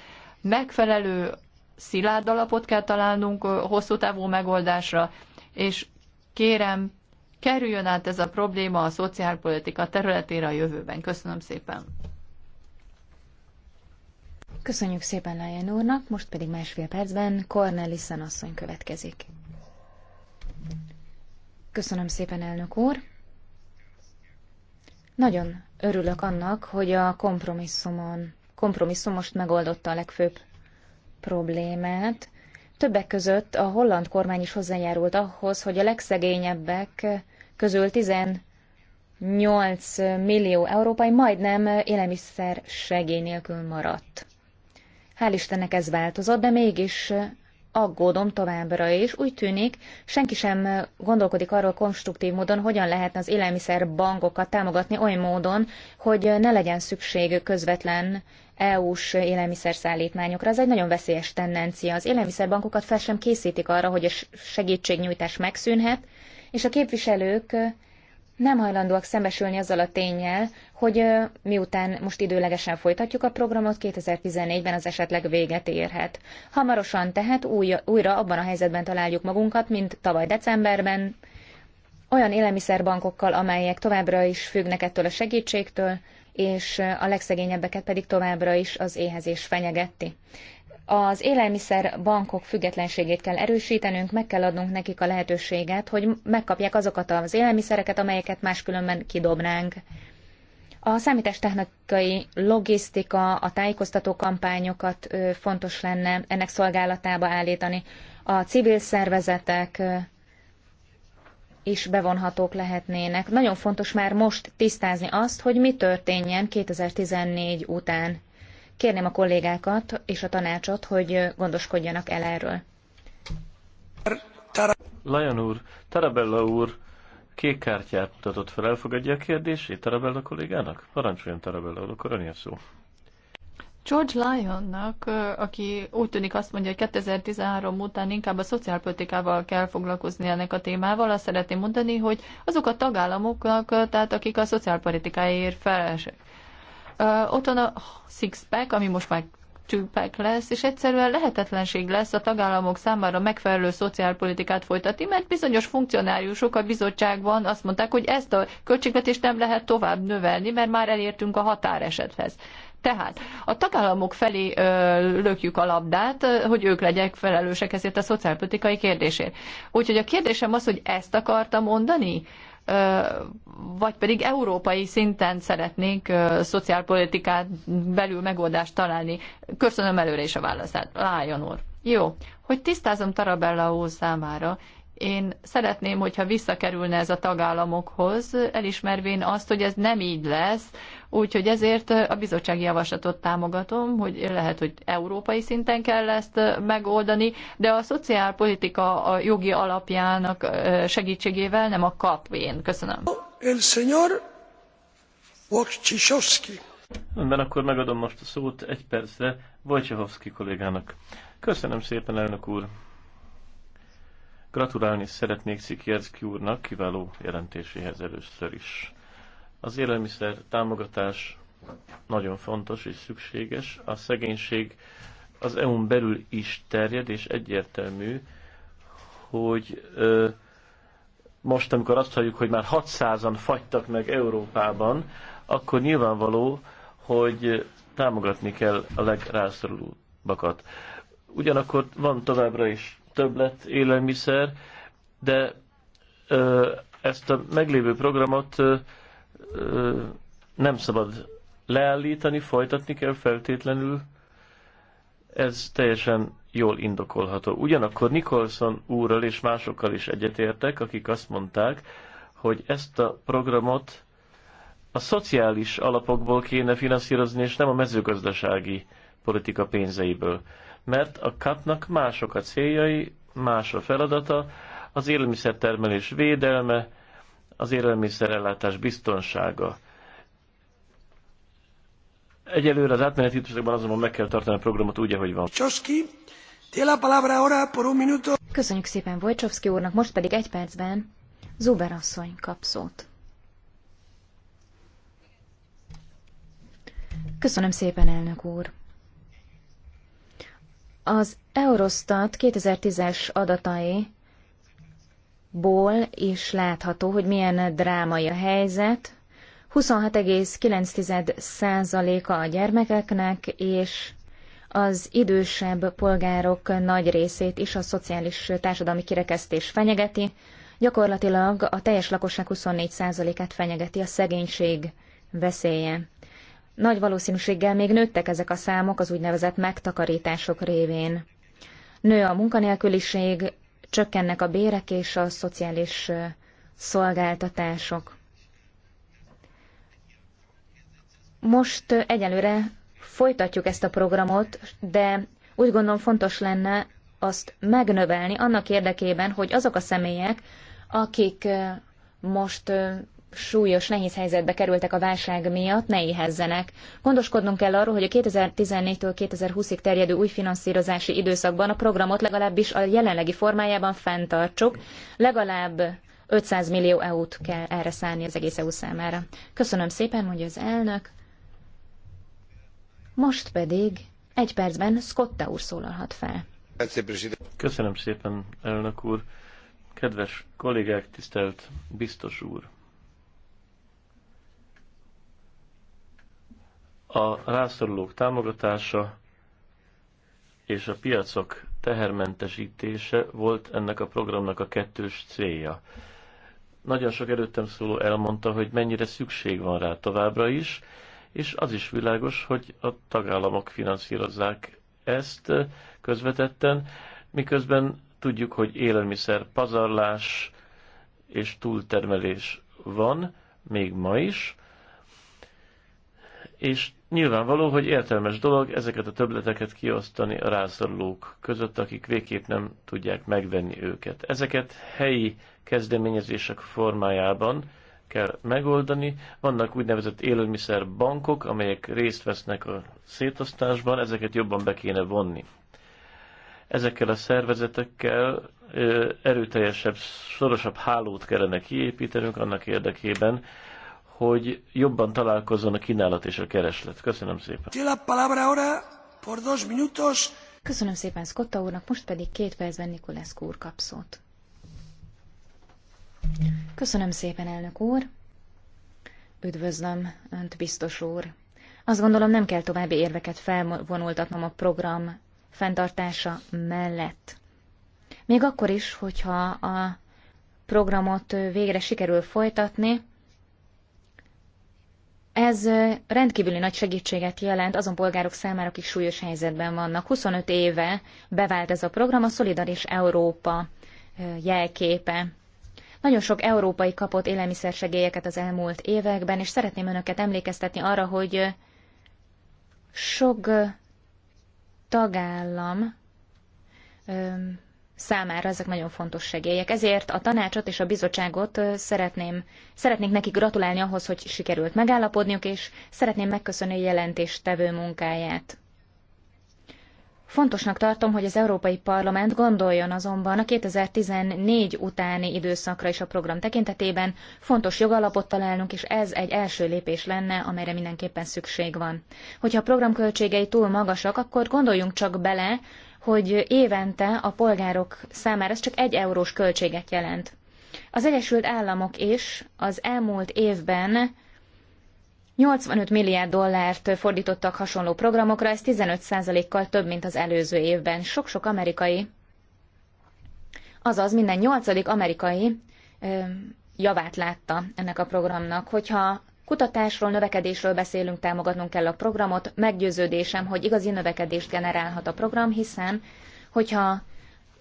Megfelelő szilárd alapot kell találnunk hosszú távú megoldásra, és kérem, kerüljön át ez a probléma a szociálpolitika területére a jövőben. Köszönöm szépen! Köszönjük szépen Lajen úrnak, most pedig másfél percben Cornelissen asszony következik. Köszönöm szépen, elnök úr. Nagyon örülök annak, hogy a kompromisszumon, kompromisszum most megoldotta a legfőbb problémát. Többek között a holland kormány is hozzájárult ahhoz, hogy a legszegényebbek közül 18 millió európai majdnem élelmiszer segély nélkül maradt. Hál' Istennek ez változott, de mégis aggódom továbbra is. Úgy tűnik, senki sem gondolkodik arról konstruktív módon, hogyan lehetne az élelmiszer bankokat támogatni oly módon, hogy ne legyen szükség közvetlen EU-s élelmiszerszállítmányokra. Ez egy nagyon veszélyes tendencia. Az élelmiszerbankokat fel sem készítik arra, hogy a segítségnyújtás megszűnhet, és a képviselők nem hajlandóak szembesülni azzal a tényel, hogy miután most időlegesen folytatjuk a programot, 2014-ben az esetleg véget érhet. Hamarosan tehát új, újra abban a helyzetben találjuk magunkat, mint tavaly decemberben, olyan élelmiszerbankokkal, amelyek továbbra is függnek ettől a segítségtől, és a legszegényebbeket pedig továbbra is az éhezés fenyegeti. Az élelmiszerbankok függetlenségét kell erősítenünk, meg kell adnunk nekik a lehetőséget, hogy megkapják azokat az élelmiszereket, amelyeket máskülönben kidobnánk. A számítástechnikai logisztika, a tájékoztató kampányokat fontos lenne ennek szolgálatába állítani. A civil szervezetek is bevonhatók lehetnének. Nagyon fontos már most tisztázni azt, hogy mi történjen 2014 után. Kérném a kollégákat és a tanácsot, hogy gondoskodjanak el erről. Lion úr, Tarabella úr, kék kártyát mutatott fel, elfogadja a kérdését Tarabella kollégának? Parancsoljon Tarabella, akkor ön szó. George Lyonnak, aki úgy tűnik azt mondja, hogy 2013 után inkább a szociálpolitikával kell foglalkozni ennek a témával, azt szeretném mondani, hogy azok a tagállamoknak, tehát akik a szociálpolitikáért felelősek. Ott van a Sixpack, ami most már tümpek lesz, és egyszerűen lehetetlenség lesz a tagállamok számára megfelelő szociálpolitikát folytatni, mert bizonyos funkcionáriusok a bizottságban azt mondták, hogy ezt a költségvetést nem lehet tovább növelni, mert már elértünk a határesethez. Tehát a tagállamok felé ö, lökjük a labdát, hogy ők legyenek felelősek ezért a szociálpolitikai kérdésért. Úgyhogy a kérdésem az, hogy ezt akarta mondani? vagy pedig európai szinten szeretnénk szociálpolitikát belül megoldást találni. Köszönöm előre is a válaszát. Lájon úr. Jó, hogy tisztázom Tarabella úr számára, én szeretném, hogyha visszakerülne ez a tagállamokhoz, elismervén azt, hogy ez nem így lesz, úgyhogy ezért a bizottsági javaslatot támogatom, hogy lehet, hogy európai szinten kell ezt megoldani, de a szociálpolitika a jogi alapjának segítségével, nem a kapvén. Köszönöm. El señor Önben akkor megadom most a szót egy percre Wojciechowski kollégának. Köszönöm szépen, elnök úr. Gratulálni szeretnék Szikierszki úrnak kiváló jelentéséhez először is. Az élelmiszer támogatás nagyon fontos és szükséges. A szegénység az EU-n belül is terjed, és egyértelmű, hogy ö, most, amikor azt halljuk, hogy már 600-an fagytak meg Európában, akkor nyilvánvaló, hogy támogatni kell a legrászorulóbbakat. Ugyanakkor van továbbra is többlet élelmiszer, de ezt a meglévő programot nem szabad leállítani, folytatni kell feltétlenül. Ez teljesen jól indokolható. Ugyanakkor Nicholson úrral és másokkal is egyetértek, akik azt mondták, hogy ezt a programot a szociális alapokból kéne finanszírozni, és nem a mezőgazdasági politika pénzeiből mert a kapnak mások a céljai, más a feladata, az élelmiszertermelés védelme, az élelmiszerellátás biztonsága. Egyelőre az átmeneti időszakban azonban meg kell tartani a programot úgy, ahogy van. Csoszki, la palabra ahora por un minuto. Köszönjük szépen Vojcsovszki úrnak, most pedig egy percben Zuber asszony kap szót. Köszönöm szépen, elnök úr. Az Eurostat 2010-es adatai ból is látható, hogy milyen drámai a helyzet. 26,9%-a a gyermekeknek, és az idősebb polgárok nagy részét is a szociális társadalmi kirekesztés fenyegeti. Gyakorlatilag a teljes lakosság 24%-át fenyegeti a szegénység veszélye nagy valószínűséggel még nőttek ezek a számok az úgynevezett megtakarítások révén. Nő a munkanélküliség, csökkennek a bérek és a szociális szolgáltatások. Most egyelőre folytatjuk ezt a programot, de úgy gondolom fontos lenne azt megnövelni annak érdekében, hogy azok a személyek, akik most súlyos, nehéz helyzetbe kerültek a válság miatt, ne éhezzenek. Gondoskodnunk kell arról, hogy a 2014-től 2020-ig terjedő új finanszírozási időszakban a programot legalábbis a jelenlegi formájában fenntartsuk, legalább 500 millió EU-t kell erre szállni az egész EU számára. Köszönöm szépen, mondja az elnök. Most pedig egy percben Scotta úr szólalhat fel. Köszönöm szépen, elnök úr. Kedves kollégák, tisztelt biztos úr! a rászorulók támogatása és a piacok tehermentesítése volt ennek a programnak a kettős célja. Nagyon sok előttem szóló elmondta, hogy mennyire szükség van rá továbbra is, és az is világos, hogy a tagállamok finanszírozzák ezt közvetetten, miközben tudjuk, hogy élelmiszer pazarlás és túltermelés van, még ma is, és Nyilvánvaló, hogy értelmes dolog ezeket a töbleteket kiosztani a rászorulók között, akik végképp nem tudják megvenni őket. Ezeket helyi kezdeményezések formájában kell megoldani. Vannak úgynevezett élelmiszerbankok, amelyek részt vesznek a szétosztásban, ezeket jobban be kéne vonni. Ezekkel a szervezetekkel erőteljesebb, szorosabb hálót kellene kiépítenünk annak érdekében, hogy jobban találkozzon a kínálat és a kereslet. Köszönöm szépen. Köszönöm szépen Scotta úrnak, most pedig két percben Nikolászkó úr kap szót. Köszönöm szépen, elnök úr. Üdvözlöm, önt biztos úr. Azt gondolom, nem kell további érveket felvonultatnom a program fenntartása mellett. Még akkor is, hogyha a programot végre sikerül folytatni, ez rendkívüli nagy segítséget jelent azon polgárok számára, akik súlyos helyzetben vannak. 25 éve bevált ez a program, a Szolidaris Európa jelképe. Nagyon sok európai kapott élelmiszersegélyeket az elmúlt években, és szeretném önöket emlékeztetni arra, hogy sok tagállam számára ezek nagyon fontos segélyek. Ezért a tanácsot és a bizottságot szeretném, szeretnék neki gratulálni ahhoz, hogy sikerült megállapodniuk, és szeretném megköszönni a jelentéstevő munkáját. Fontosnak tartom, hogy az Európai Parlament gondoljon azonban a 2014 utáni időszakra is a program tekintetében, fontos jogalapot találnunk, és ez egy első lépés lenne, amelyre mindenképpen szükség van. Hogyha a program költségei túl magasak, akkor gondoljunk csak bele, hogy évente a polgárok számára ez csak egy eurós költséget jelent. Az Egyesült Államok is az elmúlt évben 85 milliárd dollárt fordítottak hasonló programokra, ez 15%-kal több, mint az előző évben. Sok-sok amerikai, azaz minden nyolcadik amerikai javát látta ennek a programnak. Hogyha Kutatásról, növekedésről beszélünk, támogatnunk kell a programot. Meggyőződésem, hogy igazi növekedést generálhat a program, hiszen, hogyha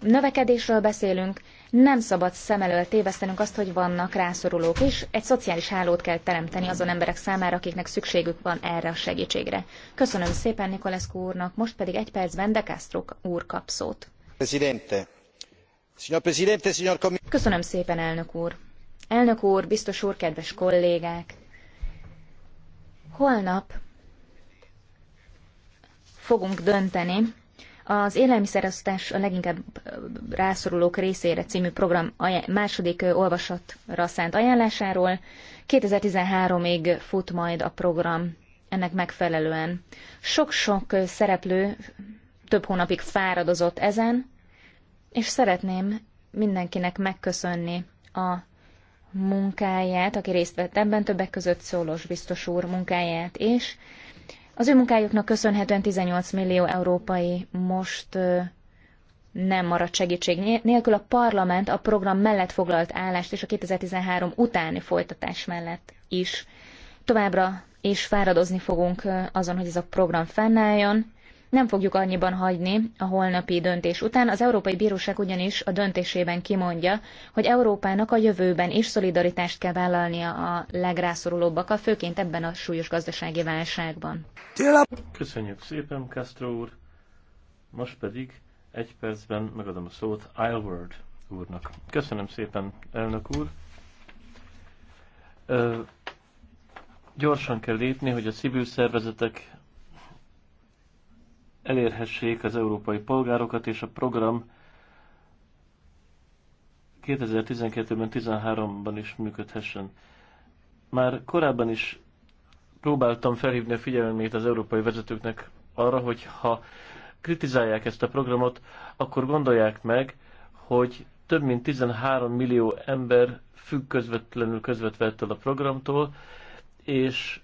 növekedésről beszélünk, nem szabad szem elől tévesztenünk azt, hogy vannak rászorulók is. Egy szociális hálót kell teremteni azon emberek számára, akiknek szükségük van erre a segítségre. Köszönöm szépen Nikolescu úrnak, most pedig egy percben De Castro úr kap szót. Köszönöm szépen, elnök úr. Elnök úr, biztos úr, kedves kollégák! Holnap fogunk dönteni az élelmiszerosztás a leginkább rászorulók részére című program második olvasatra szánt ajánlásáról. 2013-ig fut majd a program ennek megfelelően. Sok-sok szereplő több hónapig fáradozott ezen, és szeretném mindenkinek megköszönni a munkáját, aki részt vett ebben, többek között Szólos biztos úr munkáját is. Az ő munkájuknak köszönhetően 18 millió európai most nem maradt segítség nélkül. A parlament a program mellett foglalt állást és a 2013 utáni folytatás mellett is. Továbbra és fáradozni fogunk azon, hogy ez a program fennálljon nem fogjuk annyiban hagyni a holnapi döntés után. Az Európai Bíróság ugyanis a döntésében kimondja, hogy Európának a jövőben is szolidaritást kell vállalnia a legrászorulóbbakkal, főként ebben a súlyos gazdasági válságban. Köszönjük szépen, Castro úr. Most pedig egy percben megadom a szót Isleworld úrnak. Köszönöm szépen, elnök úr. Ö, gyorsan kell lépni, hogy a civil szervezetek elérhessék az európai polgárokat, és a program 2012-ben, 13-ban is működhessen. Már korábban is próbáltam felhívni a figyelmét az európai vezetőknek arra, hogy ha kritizálják ezt a programot, akkor gondolják meg, hogy több mint 13 millió ember függ közvetlenül közvetve ettől a programtól, és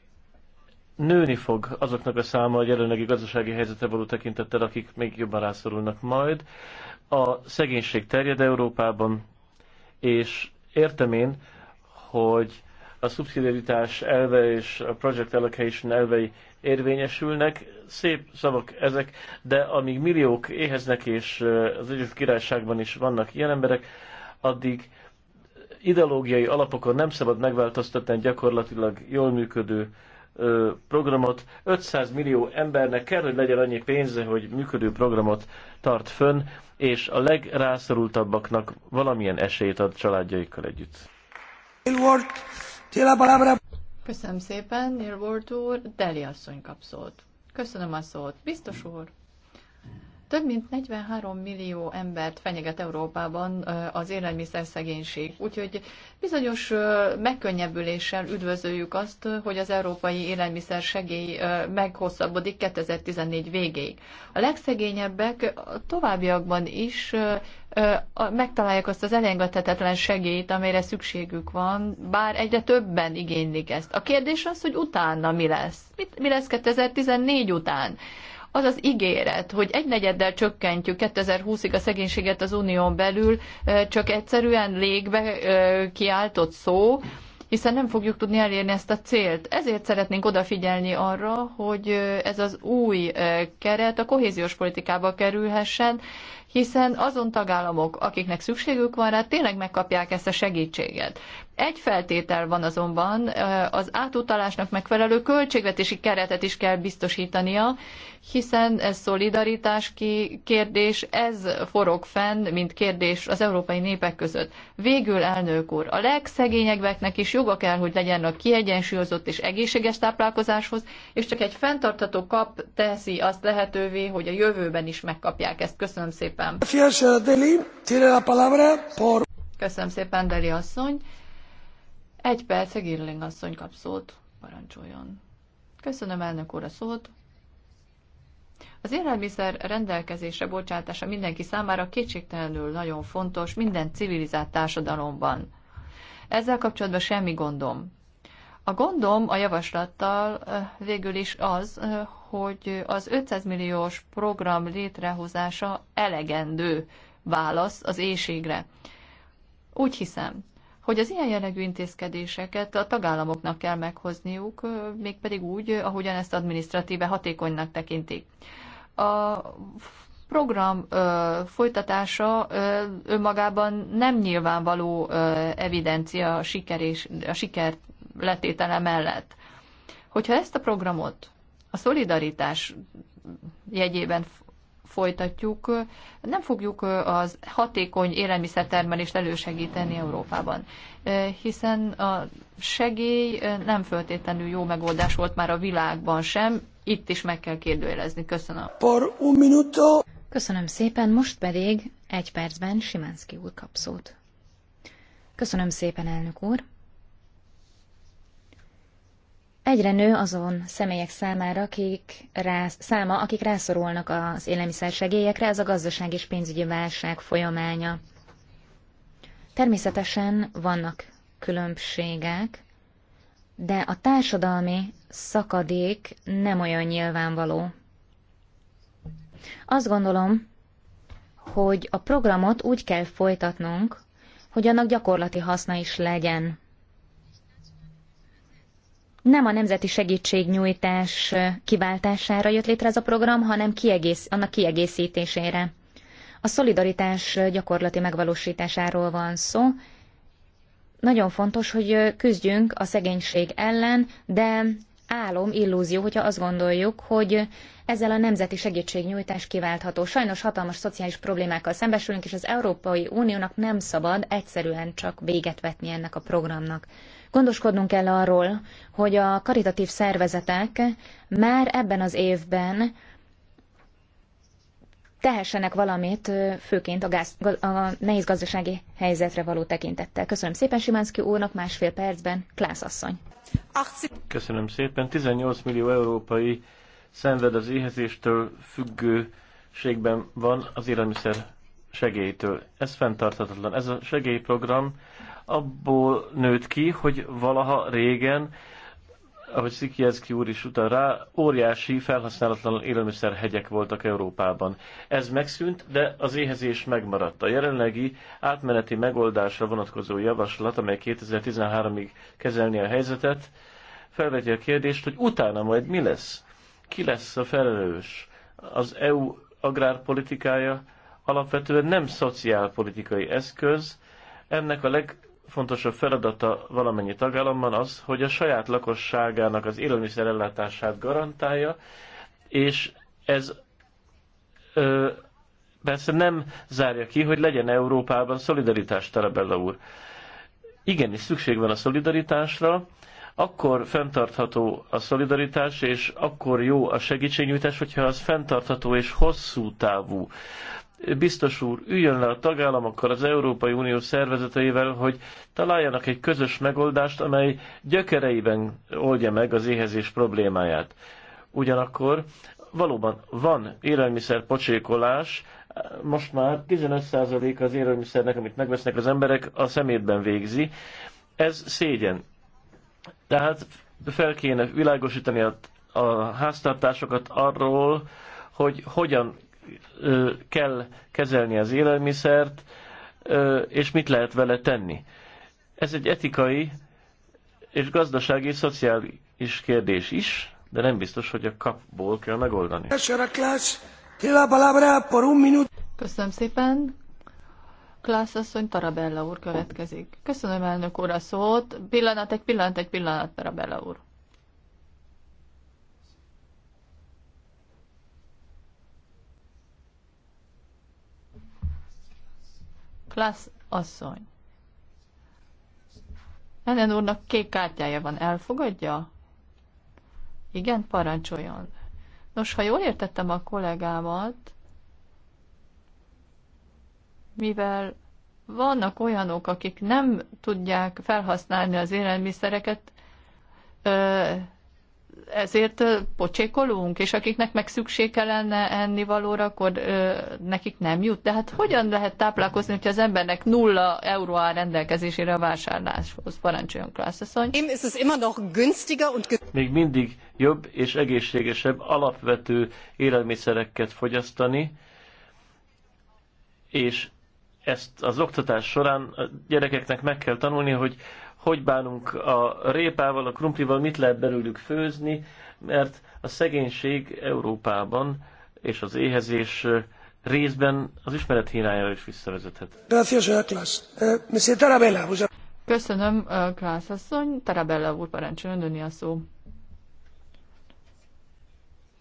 nőni fog azoknak a száma a jelenlegi gazdasági helyzete való tekintettel, akik még jobban rászorulnak majd. A szegénység terjed Európában, és értem én, hogy a szubszidiaritás elve és a project allocation elvei érvényesülnek. Szép szavak ezek, de amíg milliók éheznek, és az Egyesült Királyságban is vannak ilyen emberek, addig ideológiai alapokon nem szabad megváltoztatni gyakorlatilag jól működő programot. 500 millió embernek kell, hogy legyen annyi pénze, hogy működő programot tart fönn, és a legrászorultabbaknak valamilyen esélyt ad családjaikkal együtt. Köszönöm szépen, Nilvort úr, Deli asszony kap szót. Köszönöm a szót, biztos úr. Több mint 43 millió embert fenyeget Európában az szegénység. Úgyhogy bizonyos megkönnyebbüléssel üdvözöljük azt, hogy az európai élelmiszer segély meghosszabbodik 2014 végéig. A legszegényebbek továbbiakban is megtalálják azt az elengedhetetlen segélyt, amelyre szükségük van, bár egyre többen igénylik ezt. A kérdés az, hogy utána mi lesz? mi lesz 2014 után? az az ígéret, hogy egy negyeddel csökkentjük 2020-ig a szegénységet az unión belül, csak egyszerűen légbe kiáltott szó, hiszen nem fogjuk tudni elérni ezt a célt. Ezért szeretnénk odafigyelni arra, hogy ez az új keret a kohéziós politikába kerülhessen, hiszen azon tagállamok, akiknek szükségük van rá, tényleg megkapják ezt a segítséget. Egy feltétel van azonban, az átutalásnak megfelelő költségvetési keretet is kell biztosítania, hiszen ez szolidaritás kérdés, ez forog fenn, mint kérdés az európai népek között. Végül, elnök úr, a legszegényebbeknek is joga kell, hogy legyen a kiegyensúlyozott és egészséges táplálkozáshoz, és csak egy fenntartható kap teszi azt lehetővé, hogy a jövőben is megkapják ezt. Köszönöm szépen szépen. Köszönöm szépen, Deli asszony. Egy perc, Girling asszony kap szót. Parancsoljon. Köszönöm elnök úr a szót. Az élelmiszer rendelkezésre bocsátása mindenki számára kétségtelenül nagyon fontos minden civilizált társadalomban. Ezzel kapcsolatban semmi gondom. A gondom a javaslattal eh, végül is az, eh, hogy az 500 milliós program létrehozása elegendő válasz az éjségre. Úgy hiszem, hogy az ilyen jellegű intézkedéseket a tagállamoknak kell meghozniuk, mégpedig úgy, ahogyan ezt administratíve hatékonynak tekintik. A program ö, folytatása ö, önmagában nem nyilvánvaló ö, evidencia a, siker és, a siker letétele mellett. Hogyha ezt a programot a szolidaritás jegyében folytatjuk, nem fogjuk az hatékony élelmiszertermelést elősegíteni Európában, hiszen a segély nem föltétlenül jó megoldás volt már a világban sem, itt is meg kell kérdőjelezni. Köszönöm. Por un minuto. Köszönöm szépen, most pedig egy percben Simánszki úr kap szót. Köszönöm szépen, elnök úr. Egyre nő azon személyek számára, akik rász, száma, akik rászorulnak az élelmiszer segélyekre, ez a gazdaság és pénzügyi válság folyamánya. Természetesen vannak különbségek, de a társadalmi szakadék nem olyan nyilvánvaló. Azt gondolom, hogy a programot úgy kell folytatnunk, hogy annak gyakorlati haszna is legyen nem a nemzeti segítségnyújtás kiváltására jött létre ez a program, hanem kiegész, annak kiegészítésére. A szolidaritás gyakorlati megvalósításáról van szó. Nagyon fontos, hogy küzdjünk a szegénység ellen, de álom, illúzió, hogyha azt gondoljuk, hogy ezzel a nemzeti segítségnyújtás kiváltható. Sajnos hatalmas szociális problémákkal szembesülünk, és az Európai Uniónak nem szabad egyszerűen csak véget vetni ennek a programnak. Gondoskodnunk kell arról, hogy a karitatív szervezetek már ebben az évben tehessenek valamit, főként a, gáz, a nehéz gazdasági helyzetre való tekintettel. Köszönöm szépen Simánszki úrnak, másfél percben Klász asszony. Köszönöm szépen. 18 millió európai szenved az éhezéstől függőségben van az élelmiszer segélytől. Ez fenntarthatatlan. Ez a segélyprogram abból nőtt ki, hogy valaha régen, ahogy Szikielszki úr is utal rá, óriási felhasználatlan élelmiszerhegyek voltak Európában. Ez megszűnt, de az éhezés megmaradt. A jelenlegi átmeneti megoldásra vonatkozó javaslat, amely 2013-ig kezelni a helyzetet, felveti a kérdést, hogy utána majd mi lesz? Ki lesz a felelős? Az EU agrárpolitikája alapvetően nem szociálpolitikai eszköz, ennek a leg legfontosabb feladata valamennyi tagállamban az, hogy a saját lakosságának az élelmiszerellátását garantálja, és ez ö, persze nem zárja ki, hogy legyen Európában szolidaritás, Tarabella úr. Igenis, szükség van a szolidaritásra, akkor fenntartható a szolidaritás, és akkor jó a segítségnyújtás, hogyha az fenntartható és hosszú távú biztos úr üljön le a tagállamokkal, az Európai Unió szervezeteivel, hogy találjanak egy közös megoldást, amely gyökereiben oldja meg az éhezés problémáját. Ugyanakkor valóban van élelmiszer pocsékolás, most már 15% az élelmiszernek, amit megvesznek az emberek, a szemétben végzi. Ez szégyen. Tehát fel kéne világosítani a, a háztartásokat arról, hogy hogyan kell kezelni az élelmiszert, és mit lehet vele tenni. Ez egy etikai és gazdasági és szociális kérdés is, de nem biztos, hogy a kapból kell megoldani. Köszönöm szépen. Klász asszony, Tarabella úr következik. Köszönöm elnök úr a szót. Pillanat, egy pillanat, egy pillanat, Tarabella úr. Klassz asszony. Ellen úrnak kék kártyája van, elfogadja? Igen, parancsoljon. Nos, ha jól értettem a kollégámat, mivel vannak olyanok, akik nem tudják felhasználni az élelmiszereket, ezért pocsékolunk, és akiknek meg szüksége lenne valóra, akkor ö, nekik nem jut. De hát hogyan lehet táplálkozni, hogyha az embernek nulla euró áll rendelkezésére a vásárláshoz? Parancsoljon, klasszasszony. Még mindig jobb és egészségesebb alapvető élelmiszereket fogyasztani, és ezt az oktatás során a gyerekeknek meg kell tanulni, hogy hogy bánunk a répával, a krumplival, mit lehet belőlük főzni, mert a szegénység Európában és az éhezés részben az ismeret hírájára is visszavezethet. Eh, Köszönöm, eh, Klász asszony. Tarabella úr, parancsoljon, a szó.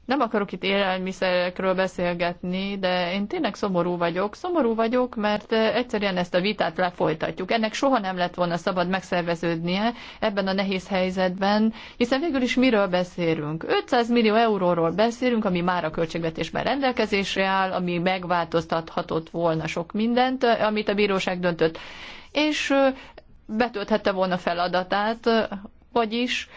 Nem akarok itt élelmiszerekről beszélgetni, de én tényleg szomorú vagyok. Szomorú vagyok, mert egyszerűen ezt a vitát lefolytatjuk. Ennek soha nem lett volna szabad megszerveződnie ebben a nehéz helyzetben, hiszen végül is miről beszélünk? 500 millió euróról beszélünk, ami már a költségvetésben rendelkezésre áll, ami megváltoztathatott volna sok mindent, amit a bíróság döntött. És betölthette volna feladatát, vagyis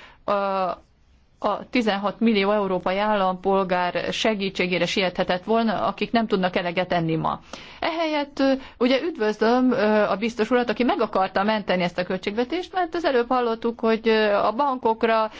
a 16 millió európai állampolgár segítségére siethetett volna, akik nem tudnak eleget enni ma. Ehelyett ugye üdvözlöm a biztos urat, aki meg akarta menteni ezt a költségvetést, mert az előbb hallottuk, hogy a bankokra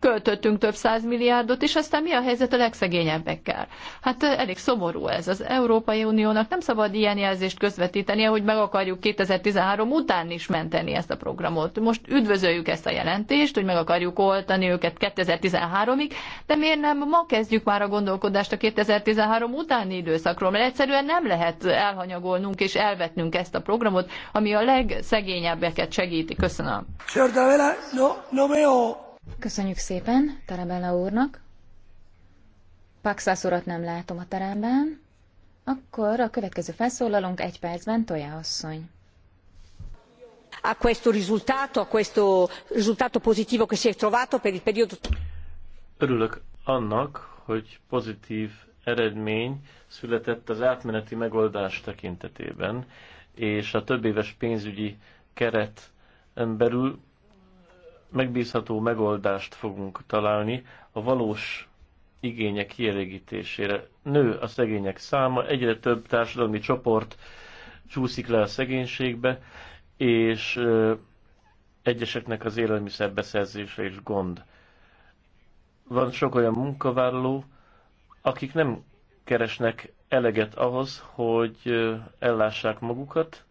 költöttünk több száz milliárdot, és aztán mi a helyzet a legszegényebbekkel? Hát elég szomorú ez. Az Európai Uniónak nem szabad ilyen jelzést közvetítenie, hogy meg akarjuk 2013 után is menteni ezt a programot. Most üdvözöljük ezt a jelentést, hogy meg akarjuk oltani őket 2013-ig, de miért nem ma kezdjük már a gondolkodást a 2013 utáni időszakról, mert egyszerűen nem lehet elhanyagolnunk és elvetnünk ezt a programot, ami a legszegényebbeket segíti. Köszönöm. Köszönjük szépen Tarabella úrnak. Paxász urat nem látom a teremben. Akkor a következő felszólalunk egy percben Tojá asszony a questo risultato, a questo risultato positivo che si è trovato per il periodo. Örülök annak, hogy pozitív eredmény született az átmeneti megoldás tekintetében, és a többéves pénzügyi kereten belül megbízható megoldást fogunk találni a valós igények kielégítésére. Nő a szegények száma, egyre több társadalmi csoport csúszik le a szegénységbe, és egyeseknek az élelmiszer beszerzése is gond. Van sok olyan munkavállaló, akik nem keresnek eleget ahhoz, hogy ellássák magukat,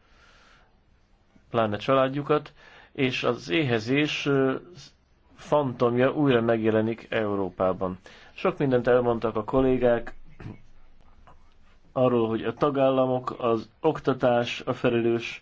pláne családjukat, és az éhezés fantomja újra megjelenik Európában. Sok mindent elmondtak a kollégák arról, hogy a tagállamok, az oktatás a felelős,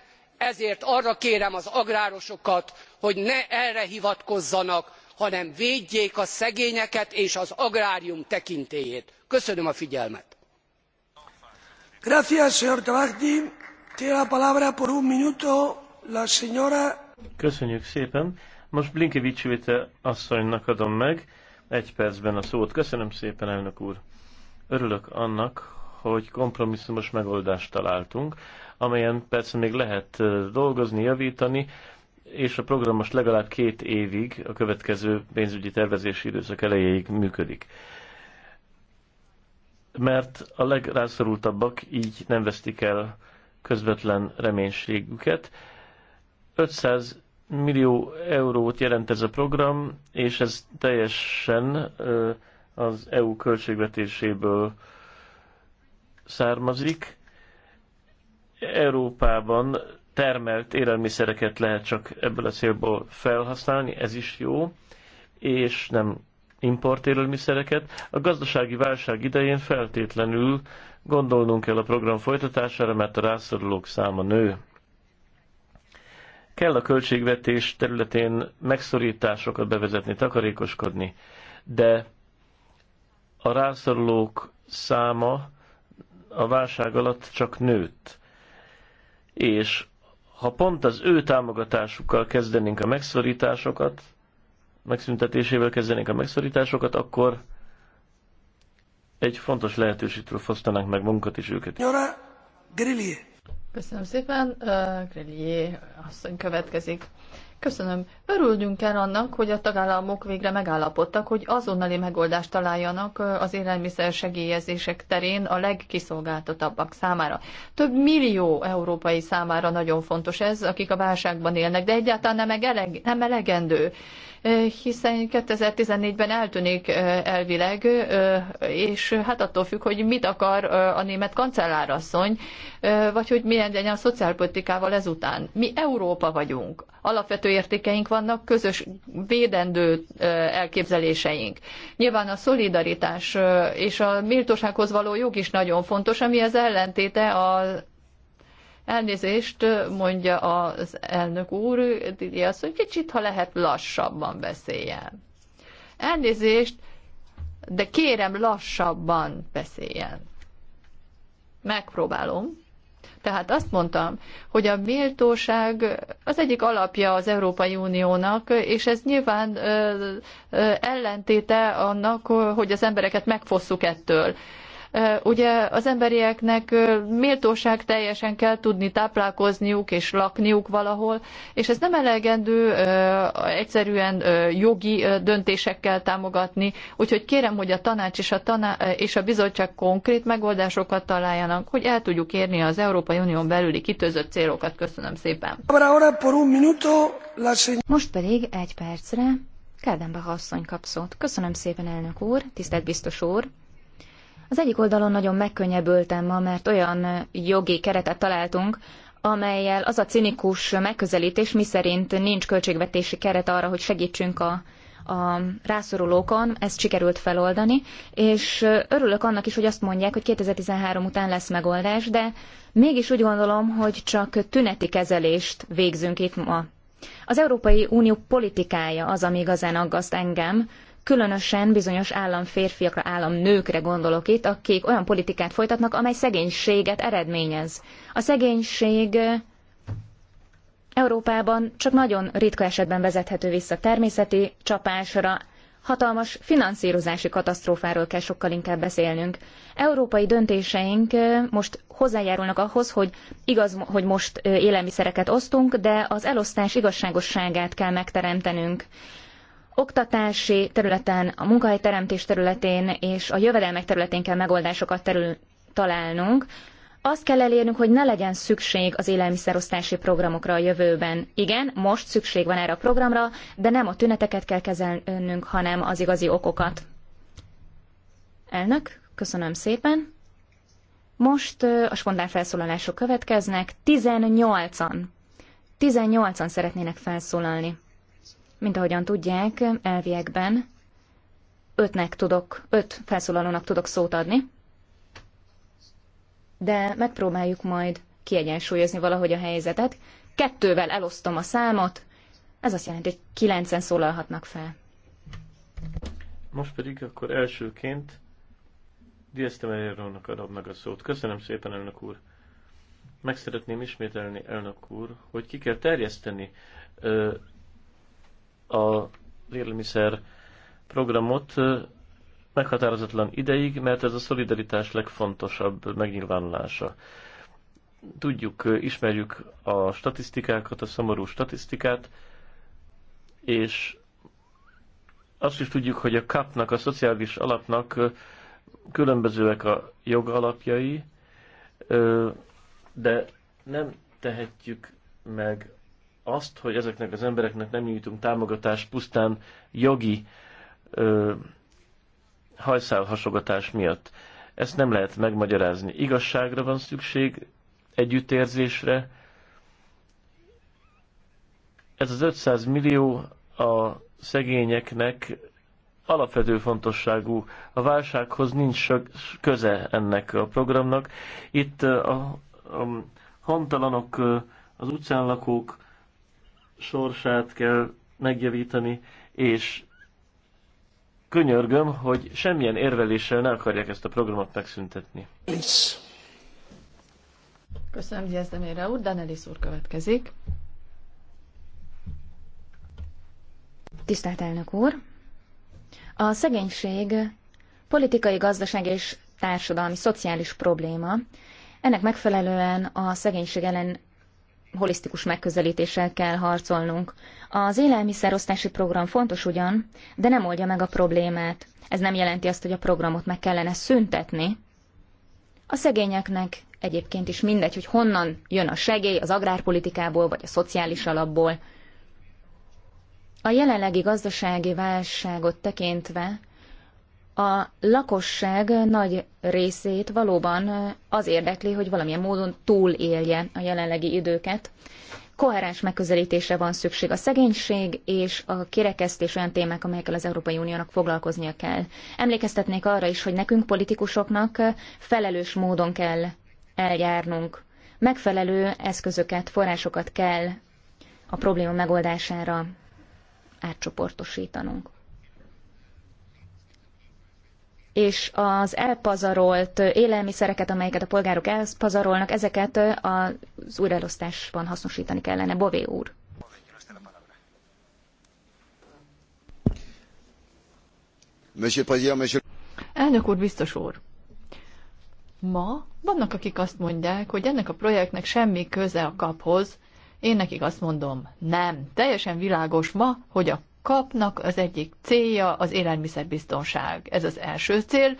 ezért arra kérem az agrárosokat hogy ne erre hivatkozzanak hanem védjék a szegényeket és az agrárium tekintélyét. köszönöm a figyelmet. köszönjük szépen most asszonynak adom meg egy percben a szót. Köszönöm szépen, elnök úr. Örülök annak, hogy kompromisszumos megoldást találtunk, amelyen persze még lehet dolgozni, javítani, és a program most legalább két évig, a következő pénzügyi tervezési időszak elejéig működik. Mert a legrászorultabbak így nem vesztik el közvetlen reménységüket. 500 millió eurót jelent ez a program, és ez teljesen az EU költségvetéséből származik. Európában termelt élelmiszereket lehet csak ebből a célból felhasználni, ez is jó, és nem import élelmiszereket. A gazdasági válság idején feltétlenül gondolnunk kell a program folytatására, mert a rászorulók száma nő. Kell a költségvetés területén megszorításokat bevezetni, takarékoskodni, de a rászorulók száma a válság alatt csak nőtt. És ha pont az ő támogatásukkal kezdenénk a megszorításokat, megszüntetésével kezdenénk a megszorításokat, akkor egy fontos lehetőségtől fosztanánk meg magunkat is őket. Nyora, Grillier. Köszönöm szépen. Uh, Grillier asszony következik. Köszönöm. Örüljünk el annak, hogy a tagállamok végre megállapodtak, hogy azonnali megoldást találjanak az élelmiszer segélyezések terén a legkiszolgáltatabbak számára. Több millió európai számára nagyon fontos ez, akik a válságban élnek, de egyáltalán nem, eleg, nem elegendő hiszen 2014-ben eltűnik elvileg, és hát attól függ, hogy mit akar a német kancellárasszony, vagy hogy milyen legyen a szociálpolitikával ezután. Mi Európa vagyunk. Alapvető értékeink vannak, közös védendő elképzeléseink. Nyilván a szolidaritás és a méltósághoz való jog is nagyon fontos, ami az ellentéte a Elnézést mondja az elnök úr, az, hogy kicsit, ha lehet, lassabban beszéljen. Elnézést, de kérem, lassabban beszéljen. Megpróbálom. Tehát azt mondtam, hogy a méltóság az egyik alapja az Európai Uniónak, és ez nyilván ellentéte annak, hogy az embereket megfosszuk ettől. Ugye az emberieknek méltóság teljesen kell tudni táplálkozniuk és lakniuk valahol, és ez nem elegendő egyszerűen jogi döntésekkel támogatni, úgyhogy kérem, hogy a tanács és a, taná- és a bizottság konkrét megoldásokat találjanak, hogy el tudjuk érni az Európai Unión belüli kitűzött célokat. Köszönöm szépen. Most pedig egy percre Kádenbach asszony kap szót. Köszönöm szépen, elnök úr, tisztelt biztos úr. Az egyik oldalon nagyon megkönnyebbültem ma, mert olyan jogi keretet találtunk, amelyel az a cinikus megközelítés, miszerint nincs költségvetési keret arra, hogy segítsünk a, a rászorulókon, ezt sikerült feloldani, és örülök annak is, hogy azt mondják, hogy 2013 után lesz megoldás, de mégis úgy gondolom, hogy csak tüneti kezelést végzünk itt ma. Az Európai Unió politikája az, ami igazán aggaszt engem, Különösen bizonyos államférfiakra, államnőkre gondolok itt, akik olyan politikát folytatnak, amely szegénységet eredményez. A szegénység Európában csak nagyon ritka esetben vezethető vissza természeti csapásra, hatalmas finanszírozási katasztrófáról kell sokkal inkább beszélnünk. Európai döntéseink most hozzájárulnak ahhoz, hogy igaz, hogy most élelmiszereket osztunk, de az elosztás igazságosságát kell megteremtenünk oktatási területen, a munkahelyteremtés területén és a jövedelmek területén kell megoldásokat terül, találnunk. Azt kell elérnünk, hogy ne legyen szükség az élelmiszerosztási programokra a jövőben. Igen, most szükség van erre a programra, de nem a tüneteket kell kezelnünk, hanem az igazi okokat. Elnök, köszönöm szépen. Most a spontán felszólalások következnek. 18-an. 18-an szeretnének felszólalni. Mint ahogyan tudják, elviekben ötnek tudok, öt felszólalónak tudok szót adni, de megpróbáljuk majd kiegyensúlyozni valahogy a helyzetet. Kettővel elosztom a számot, ez azt jelenti, hogy kilencen szólalhatnak fel. Most pedig akkor elsőként Diasztemelérónak adom meg a szót. Köszönöm szépen, elnök úr. Meg szeretném ismételni, elnök úr, hogy ki kell terjeszteni az élelmiszer programot meghatározatlan ideig, mert ez a szolidaritás legfontosabb megnyilvánulása. Tudjuk, ismerjük a statisztikákat, a szomorú statisztikát, és azt is tudjuk, hogy a kapnak, a szociális alapnak különbözőek a jogalapjai, de nem tehetjük meg azt, hogy ezeknek az embereknek nem nyújtunk támogatást pusztán jogi ö, hajszálhasogatás miatt. Ezt nem lehet megmagyarázni. Igazságra van szükség, együttérzésre. Ez az 500 millió a szegényeknek alapvető fontosságú. A válsághoz nincs köze ennek a programnak. Itt a, a hontalanok, az utcán lakók, sorsát kell megjavítani, és könyörgöm, hogy semmilyen érveléssel ne akarják ezt a programot megszüntetni. Köszönöm Gyezdemére úr, Danelis úr következik. Tisztelt elnök úr! A szegénység politikai, gazdaság és társadalmi, szociális probléma. Ennek megfelelően a szegénység ellen holisztikus megközelítéssel kell harcolnunk. Az élelmiszerosztási program fontos ugyan, de nem oldja meg a problémát. Ez nem jelenti azt, hogy a programot meg kellene szüntetni. A szegényeknek egyébként is mindegy, hogy honnan jön a segély, az agrárpolitikából vagy a szociális alapból. A jelenlegi gazdasági válságot tekintve a lakosság nagy részét valóban az érdekli, hogy valamilyen módon túlélje a jelenlegi időket. Koherens megközelítésre van szükség a szegénység és a kirekesztés olyan témák, amelyekkel az Európai Uniónak foglalkoznia kell. Emlékeztetnék arra is, hogy nekünk politikusoknak felelős módon kell eljárnunk. Megfelelő eszközöket, forrásokat kell a probléma megoldására átcsoportosítanunk és az elpazarolt élelmiszereket, amelyeket a polgárok elpazarolnak, ezeket az újraelosztásban hasznosítani kellene. Bové úr. Elnök úr, biztos úr. Ma vannak, akik azt mondják, hogy ennek a projektnek semmi köze a kaphoz. Én nekik azt mondom, nem. Teljesen világos ma, hogy a kapnak az egyik célja az élelmiszerbiztonság. Ez az első cél,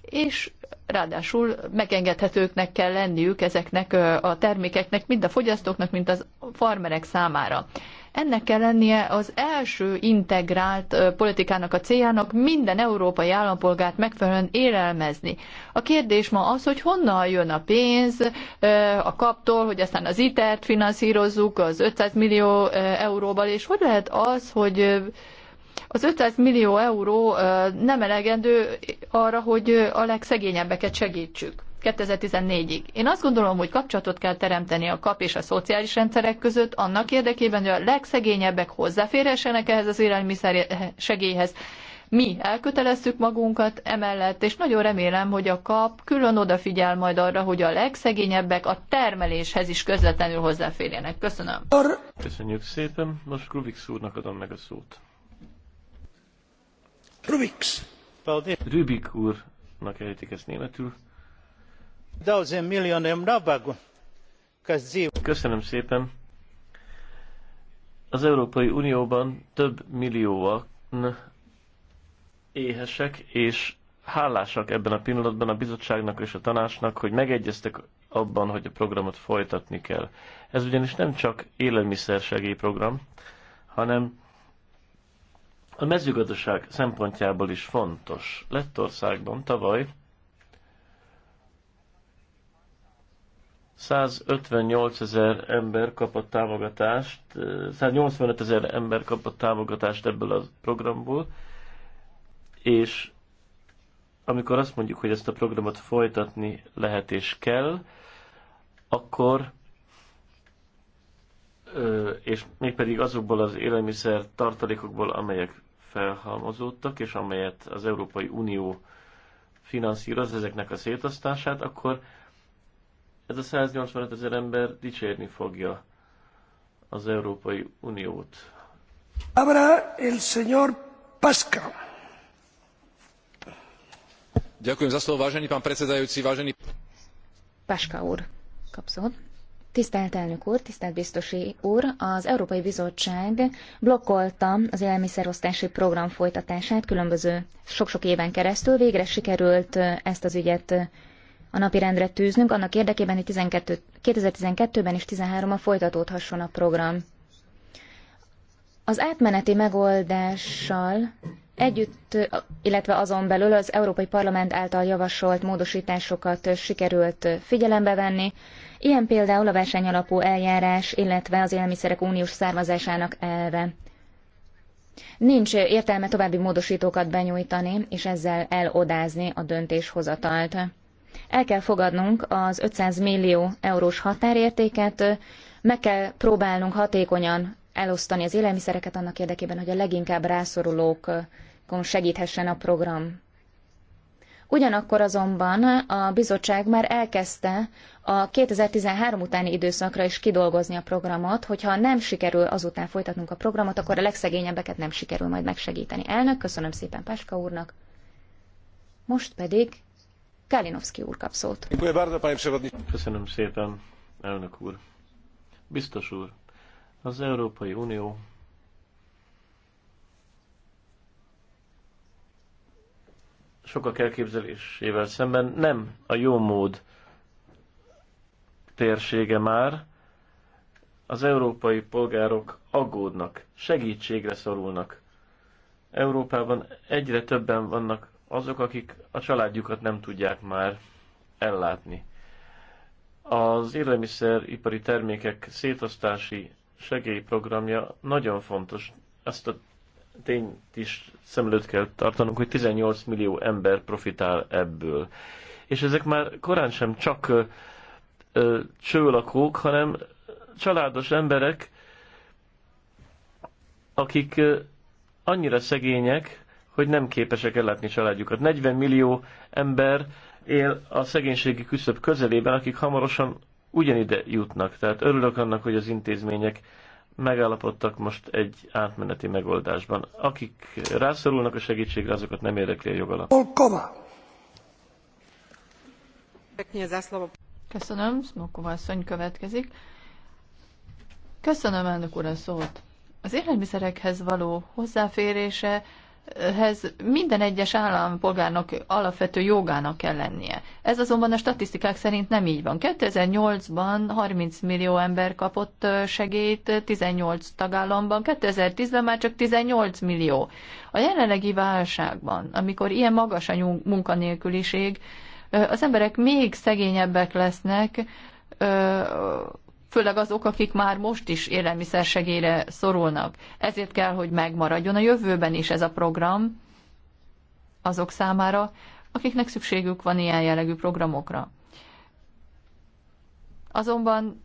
és ráadásul megengedhetőknek kell lenniük ezeknek a termékeknek, mind a fogyasztóknak, mind a farmerek számára. Ennek kell lennie az első integrált politikának a céljának minden európai állampolgárt megfelelően élelmezni. A kérdés ma az, hogy honnan jön a pénz a kaptól, hogy aztán az ITER-t e finanszírozzuk az 500 millió euróval, és hogy lehet az, hogy az 500 millió euró nem elegendő arra, hogy a legszegényebbeket segítsük. 2014-ig. Én azt gondolom, hogy kapcsolatot kell teremteni a kap és a szociális rendszerek között annak érdekében, hogy a legszegényebbek hozzáférhessenek ehhez az élelmiszer segélyhez. Mi elköteleztük magunkat emellett, és nagyon remélem, hogy a kap külön odafigyel majd arra, hogy a legszegényebbek a termeléshez is közvetlenül hozzáférjenek. Köszönöm. Köszönjük szépen. Most Rubix úrnak adom meg a szót. Rubix! Rubik úrnak ejtik ezt németül. Köszönöm szépen. Az Európai Unióban több millióan éhesek, és hálásak ebben a pillanatban a bizottságnak és a tanácsnak, hogy megegyeztek abban, hogy a programot folytatni kell. Ez ugyanis nem csak élelmiszersegélyprogram, hanem a mezőgazdaság szempontjából is fontos. Lettországban tavaly 158 ezer ember kapott támogatást, 185 ezer ember kapott támogatást ebből a programból, és amikor azt mondjuk, hogy ezt a programot folytatni lehet és kell, akkor és mégpedig azokból az élelmiszer tartalékokból, amelyek felhalmozódtak, és amelyet az Európai Unió finanszíroz ezeknek a szétosztását, akkor ez a 185 ezer ember dicsérni fogja az Európai Uniót. Abra el señor Pascal. Ďakujem za slovo, vážený pán predsedajúci, vážený... Paska úr, kapszol. Tisztelt elnök úr, tisztelt biztosi úr, az Európai Bizottság blokkolta az élelmiszerosztási program folytatását különböző sok-sok éven keresztül. Végre sikerült eh, ezt az ügyet eh, a napirendre tűznünk, annak érdekében, hogy 12, 2012-ben és 2013-ban folytatódhasson a program. Az átmeneti megoldással együtt, illetve azon belül az Európai Parlament által javasolt módosításokat sikerült figyelembe venni, ilyen például a versenyalapú eljárás, illetve az élelmiszerek uniós származásának elve. Nincs értelme további módosítókat benyújtani, és ezzel elodázni a döntéshozatalt. El kell fogadnunk az 500 millió eurós határértéket, meg kell próbálnunk hatékonyan elosztani az élelmiszereket annak érdekében, hogy a leginkább rászorulókon segíthessen a program. Ugyanakkor azonban a bizottság már elkezdte a 2013 utáni időszakra is kidolgozni a programot, hogyha nem sikerül azután folytatnunk a programot, akkor a legszegényebbeket nem sikerül majd megsegíteni. Elnök, köszönöm szépen Páska úrnak. Most pedig Kalinowski úr kap szót. Köszönöm szépen, elnök úr. Biztos úr, az Európai Unió sokak elképzelésével szemben nem a jó mód térsége már. Az európai polgárok aggódnak, segítségre szorulnak. Európában egyre többen vannak azok, akik a családjukat nem tudják már ellátni. Az élelmiszeripari termékek szétosztási segélyprogramja nagyon fontos. Ezt a tényt is szem előtt kell tartanunk, hogy 18 millió ember profitál ebből. És ezek már korán sem csak ö, ö, csőlakók, hanem családos emberek, akik ö, annyira szegények, hogy nem képesek ellátni családjukat. 40 millió ember él a szegénységi küszöb közelében, akik hamarosan ugyanide jutnak. Tehát örülök annak, hogy az intézmények megállapodtak most egy átmeneti megoldásban. Akik rászorulnak a segítségre, azokat nem érdekli a jogalap. Köszönöm, Smokova asszony következik. Köszönöm, elnök úr, a szót. Az élelmiszerekhez való hozzáférése hez minden egyes állampolgárnak alapvető jogának kell lennie. Ez azonban a statisztikák szerint nem így van. 2008-ban 30 millió ember kapott segélyt 18 tagállamban, 2010-ben már csak 18 millió. A jelenlegi válságban, amikor ilyen magas a munkanélküliség, az emberek még szegényebbek lesznek, főleg azok, akik már most is élelmiszersegélyre szorulnak. Ezért kell, hogy megmaradjon a jövőben is ez a program azok számára, akiknek szükségük van ilyen jellegű programokra. Azonban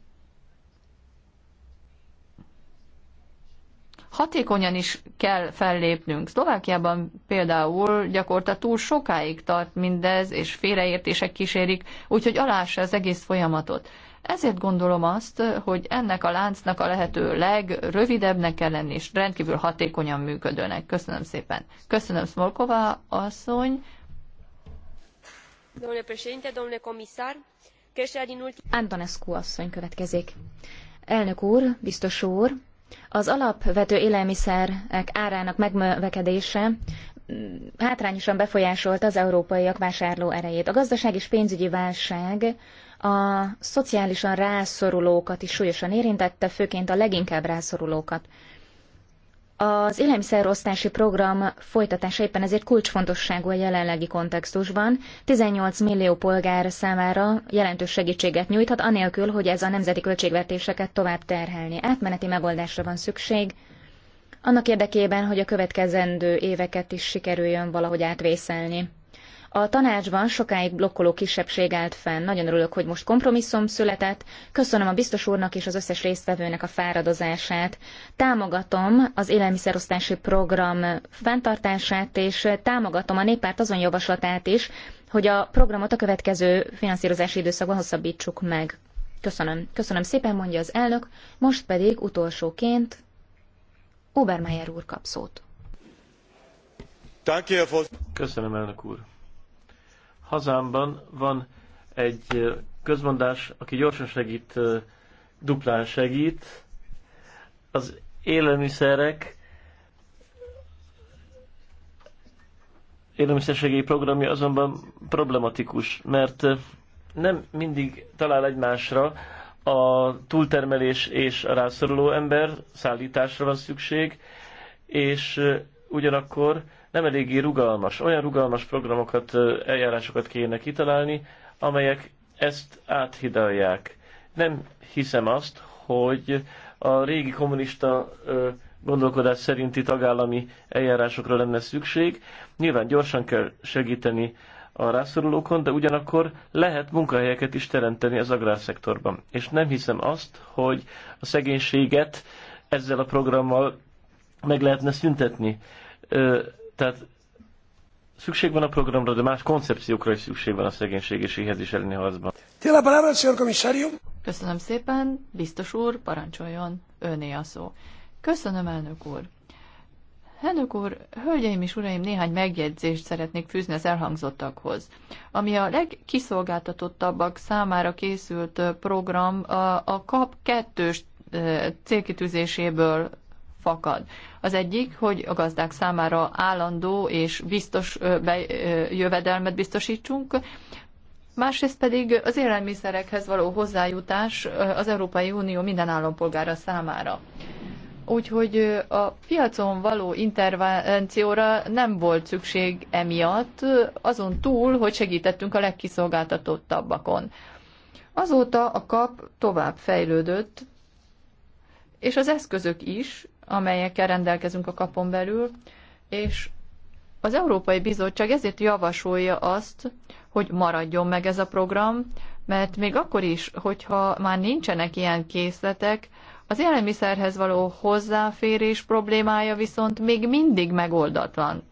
hatékonyan is kell fellépnünk. Szlovákiában például gyakorta túl sokáig tart mindez, és félreértések kísérik, úgyhogy alássa az egész folyamatot. Ezért gondolom azt, hogy ennek a láncnak a lehető legrövidebbnek kell lenni, és rendkívül hatékonyan működőnek. Köszönöm szépen. Köszönöm Smolkova asszony. Antonescu asszony következik. Elnök úr, biztos úr, az alapvető élelmiszerek árának megnövekedése hátrányosan befolyásolta az európaiak vásárló erejét. A gazdaság és pénzügyi válság a szociálisan rászorulókat is súlyosan érintette, főként a leginkább rászorulókat. Az élelmiszerosztási program folytatása éppen ezért kulcsfontosságú a jelenlegi kontextusban. 18 millió polgár számára jelentős segítséget nyújthat, anélkül, hogy ez a nemzeti költségvetéseket tovább terhelni. Átmeneti megoldásra van szükség, annak érdekében, hogy a következendő éveket is sikerüljön valahogy átvészelni. A tanácsban sokáig blokkoló kisebbség állt fenn. Nagyon örülök, hogy most kompromisszum született. Köszönöm a biztos úrnak és az összes résztvevőnek a fáradozását. Támogatom az élelmiszerosztási program fenntartását, és támogatom a néppárt azon javaslatát is, hogy a programot a következő finanszírozási időszakban hosszabbítsuk meg. Köszönöm. Köszönöm szépen, mondja az elnök, most pedig utolsóként Obermeier úr kap szót. Köszönöm, elnök úr. Hazámban van egy közmondás, aki gyorsan segít, duplán segít. Az élelmiszerek élelmiszersegély programja azonban problematikus, mert nem mindig talál egymásra a túltermelés és a rászoruló ember, szállításra van szükség, és ugyanakkor nem eléggé rugalmas. Olyan rugalmas programokat, eljárásokat kéne kitalálni, amelyek ezt áthidalják. Nem hiszem azt, hogy a régi kommunista gondolkodás szerinti tagállami eljárásokra lenne szükség. Nyilván gyorsan kell segíteni a rászorulókon, de ugyanakkor lehet munkahelyeket is teremteni az agrárszektorban. És nem hiszem azt, hogy a szegénységet ezzel a programmal meg lehetne szüntetni. Tehát szükség van a programra, de más koncepciókra is szükség van a szegénység és éhezés elleni harcban. Köszönöm szépen, biztos úr, parancsoljon, öné a szó. Köszönöm, elnök úr. Elnök úr, hölgyeim és uraim, néhány megjegyzést szeretnék fűzni az elhangzottakhoz. Ami a legkiszolgáltatottabbak számára készült program, a KAP 2 célkitűzéséből fakad. Az egyik, hogy a gazdák számára állandó és biztos jövedelmet biztosítsunk, másrészt pedig az élelmiszerekhez való hozzájutás az Európai Unió minden állampolgára számára. Úgyhogy a piacon való intervencióra nem volt szükség emiatt, azon túl, hogy segítettünk a legkiszolgáltatottabbakon. Azóta a kap tovább fejlődött, és az eszközök is, amelyekkel rendelkezünk a kapon belül, és az Európai Bizottság ezért javasolja azt, hogy maradjon meg ez a program, mert még akkor is, hogyha már nincsenek ilyen készletek, az élelmiszerhez való hozzáférés problémája viszont még mindig megoldatlan.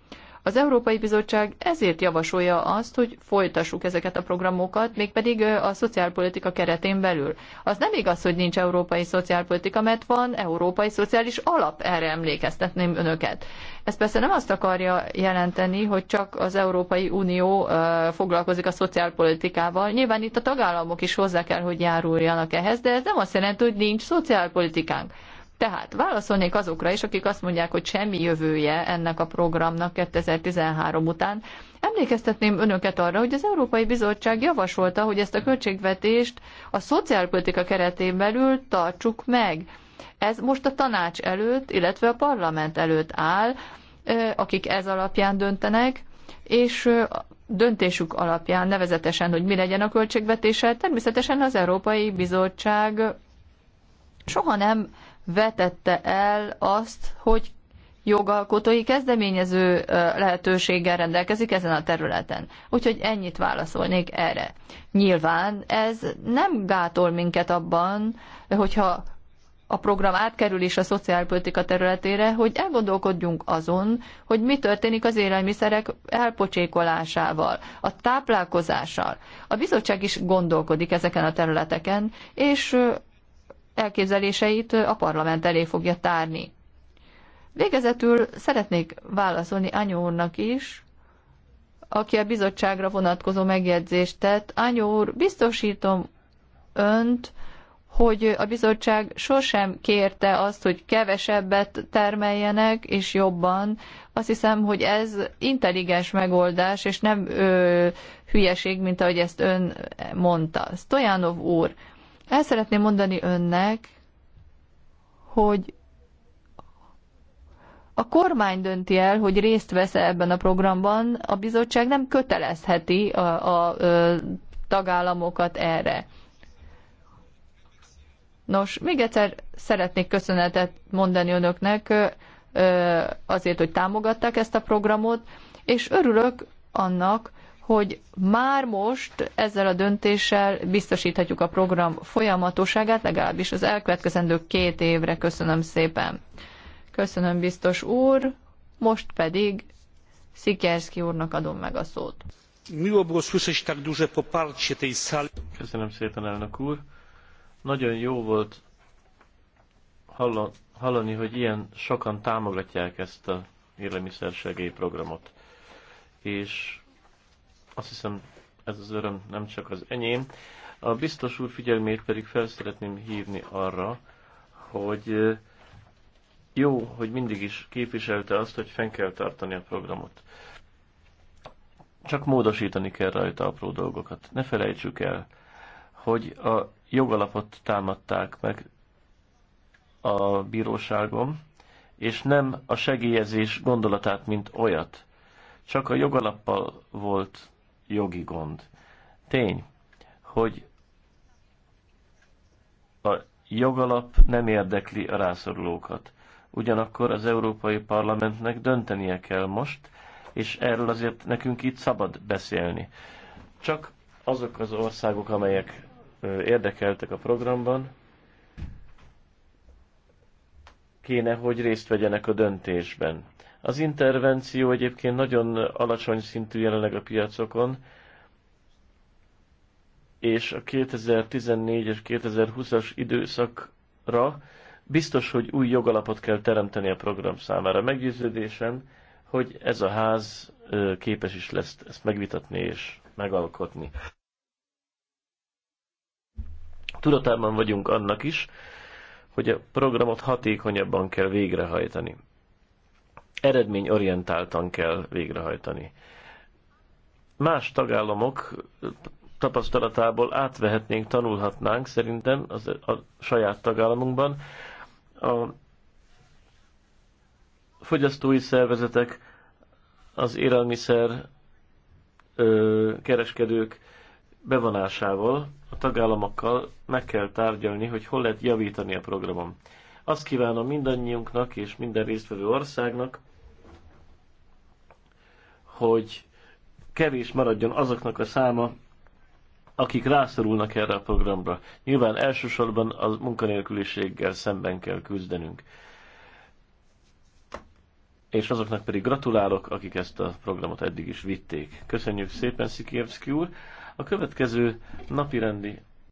Az Európai Bizottság ezért javasolja azt, hogy folytassuk ezeket a programokat, mégpedig a szociálpolitika keretén belül. Az nem igaz, hogy nincs európai szociálpolitika, mert van európai szociális alap, erre emlékeztetném önöket. Ez persze nem azt akarja jelenteni, hogy csak az Európai Unió foglalkozik a szociálpolitikával. Nyilván itt a tagállamok is hozzá kell, hogy járuljanak ehhez, de ez nem azt jelenti, hogy nincs szociálpolitikánk. Tehát válaszolnék azokra is, akik azt mondják, hogy semmi jövője ennek a programnak 2013 után. Emlékeztetném önöket arra, hogy az Európai Bizottság javasolta, hogy ezt a költségvetést a szociálpolitika keretén belül tartsuk meg. Ez most a tanács előtt, illetve a parlament előtt áll, akik ez alapján döntenek, és döntésük alapján, nevezetesen, hogy mi legyen a költségvetése, természetesen az Európai Bizottság soha nem vetette el azt, hogy jogalkotói kezdeményező lehetőséggel rendelkezik ezen a területen. Úgyhogy ennyit válaszolnék erre. Nyilván ez nem gátol minket abban, hogyha a program átkerül is a szociálpolitika területére, hogy elgondolkodjunk azon, hogy mi történik az élelmiszerek elpocsékolásával, a táplálkozással. A bizottság is gondolkodik ezeken a területeken, és elképzeléseit a parlament elé fogja tárni. Végezetül szeretnék válaszolni Anyó úrnak is, aki a bizottságra vonatkozó megjegyzést tett. Anyó úr, biztosítom önt, hogy a bizottság sosem kérte azt, hogy kevesebbet termeljenek és jobban. Azt hiszem, hogy ez intelligens megoldás, és nem ö, hülyeség, mint ahogy ezt ön mondta. Stojanov úr, el szeretném mondani önnek, hogy a kormány dönti el, hogy részt vesz -e ebben a programban, a bizottság nem kötelezheti a, a, a tagállamokat erre. Nos, még egyszer szeretnék köszönetet mondani önöknek azért, hogy támogatták ezt a programot, és örülök annak, hogy már most ezzel a döntéssel biztosíthatjuk a program folyamatosságát, legalábbis az elkövetkezendő két évre. Köszönöm szépen. Köszönöm, biztos úr. Most pedig Szikerszki úrnak adom meg a szót. Köszönöm szépen, elnök úr. Nagyon jó volt hallani, hogy ilyen sokan támogatják ezt a élelmiszersegély programot. És azt hiszem, ez az öröm nem csak az enyém. A biztos úr figyelmét pedig fel szeretném hívni arra, hogy jó, hogy mindig is képviselte azt, hogy fenn kell tartani a programot. Csak módosítani kell rajta apró dolgokat. Ne felejtsük el, hogy a jogalapot támadták meg a bíróságon, és nem a segélyezés gondolatát, mint olyat. Csak a jogalappal volt jogi gond. Tény, hogy a jogalap nem érdekli a rászorulókat. Ugyanakkor az Európai Parlamentnek döntenie kell most, és erről azért nekünk itt szabad beszélni. Csak azok az országok, amelyek érdekeltek a programban, kéne, hogy részt vegyenek a döntésben. Az intervenció egyébként nagyon alacsony szintű jelenleg a piacokon, és a 2014 és 2020-as időszakra biztos, hogy új jogalapot kell teremteni a program számára. Meggyőződésem, hogy ez a ház képes is lesz ezt megvitatni és megalkotni. Tudatában vagyunk annak is, hogy a programot hatékonyabban kell végrehajtani eredményorientáltan kell végrehajtani. Más tagállamok tapasztalatából átvehetnénk, tanulhatnánk szerintem az, a saját tagállamunkban. A fogyasztói szervezetek, az élelmiszer ö, kereskedők bevonásával a tagállamokkal meg kell tárgyalni, hogy hol lehet javítani a programon. Azt kívánom mindannyiunknak és minden résztvevő országnak, hogy kevés maradjon azoknak a száma, akik rászorulnak erre a programra. Nyilván elsősorban a munkanélküliséggel szemben kell küzdenünk. És azoknak pedig gratulálok, akik ezt a programot eddig is vitték. Köszönjük szépen, Szikierszki úr! A következő napirendi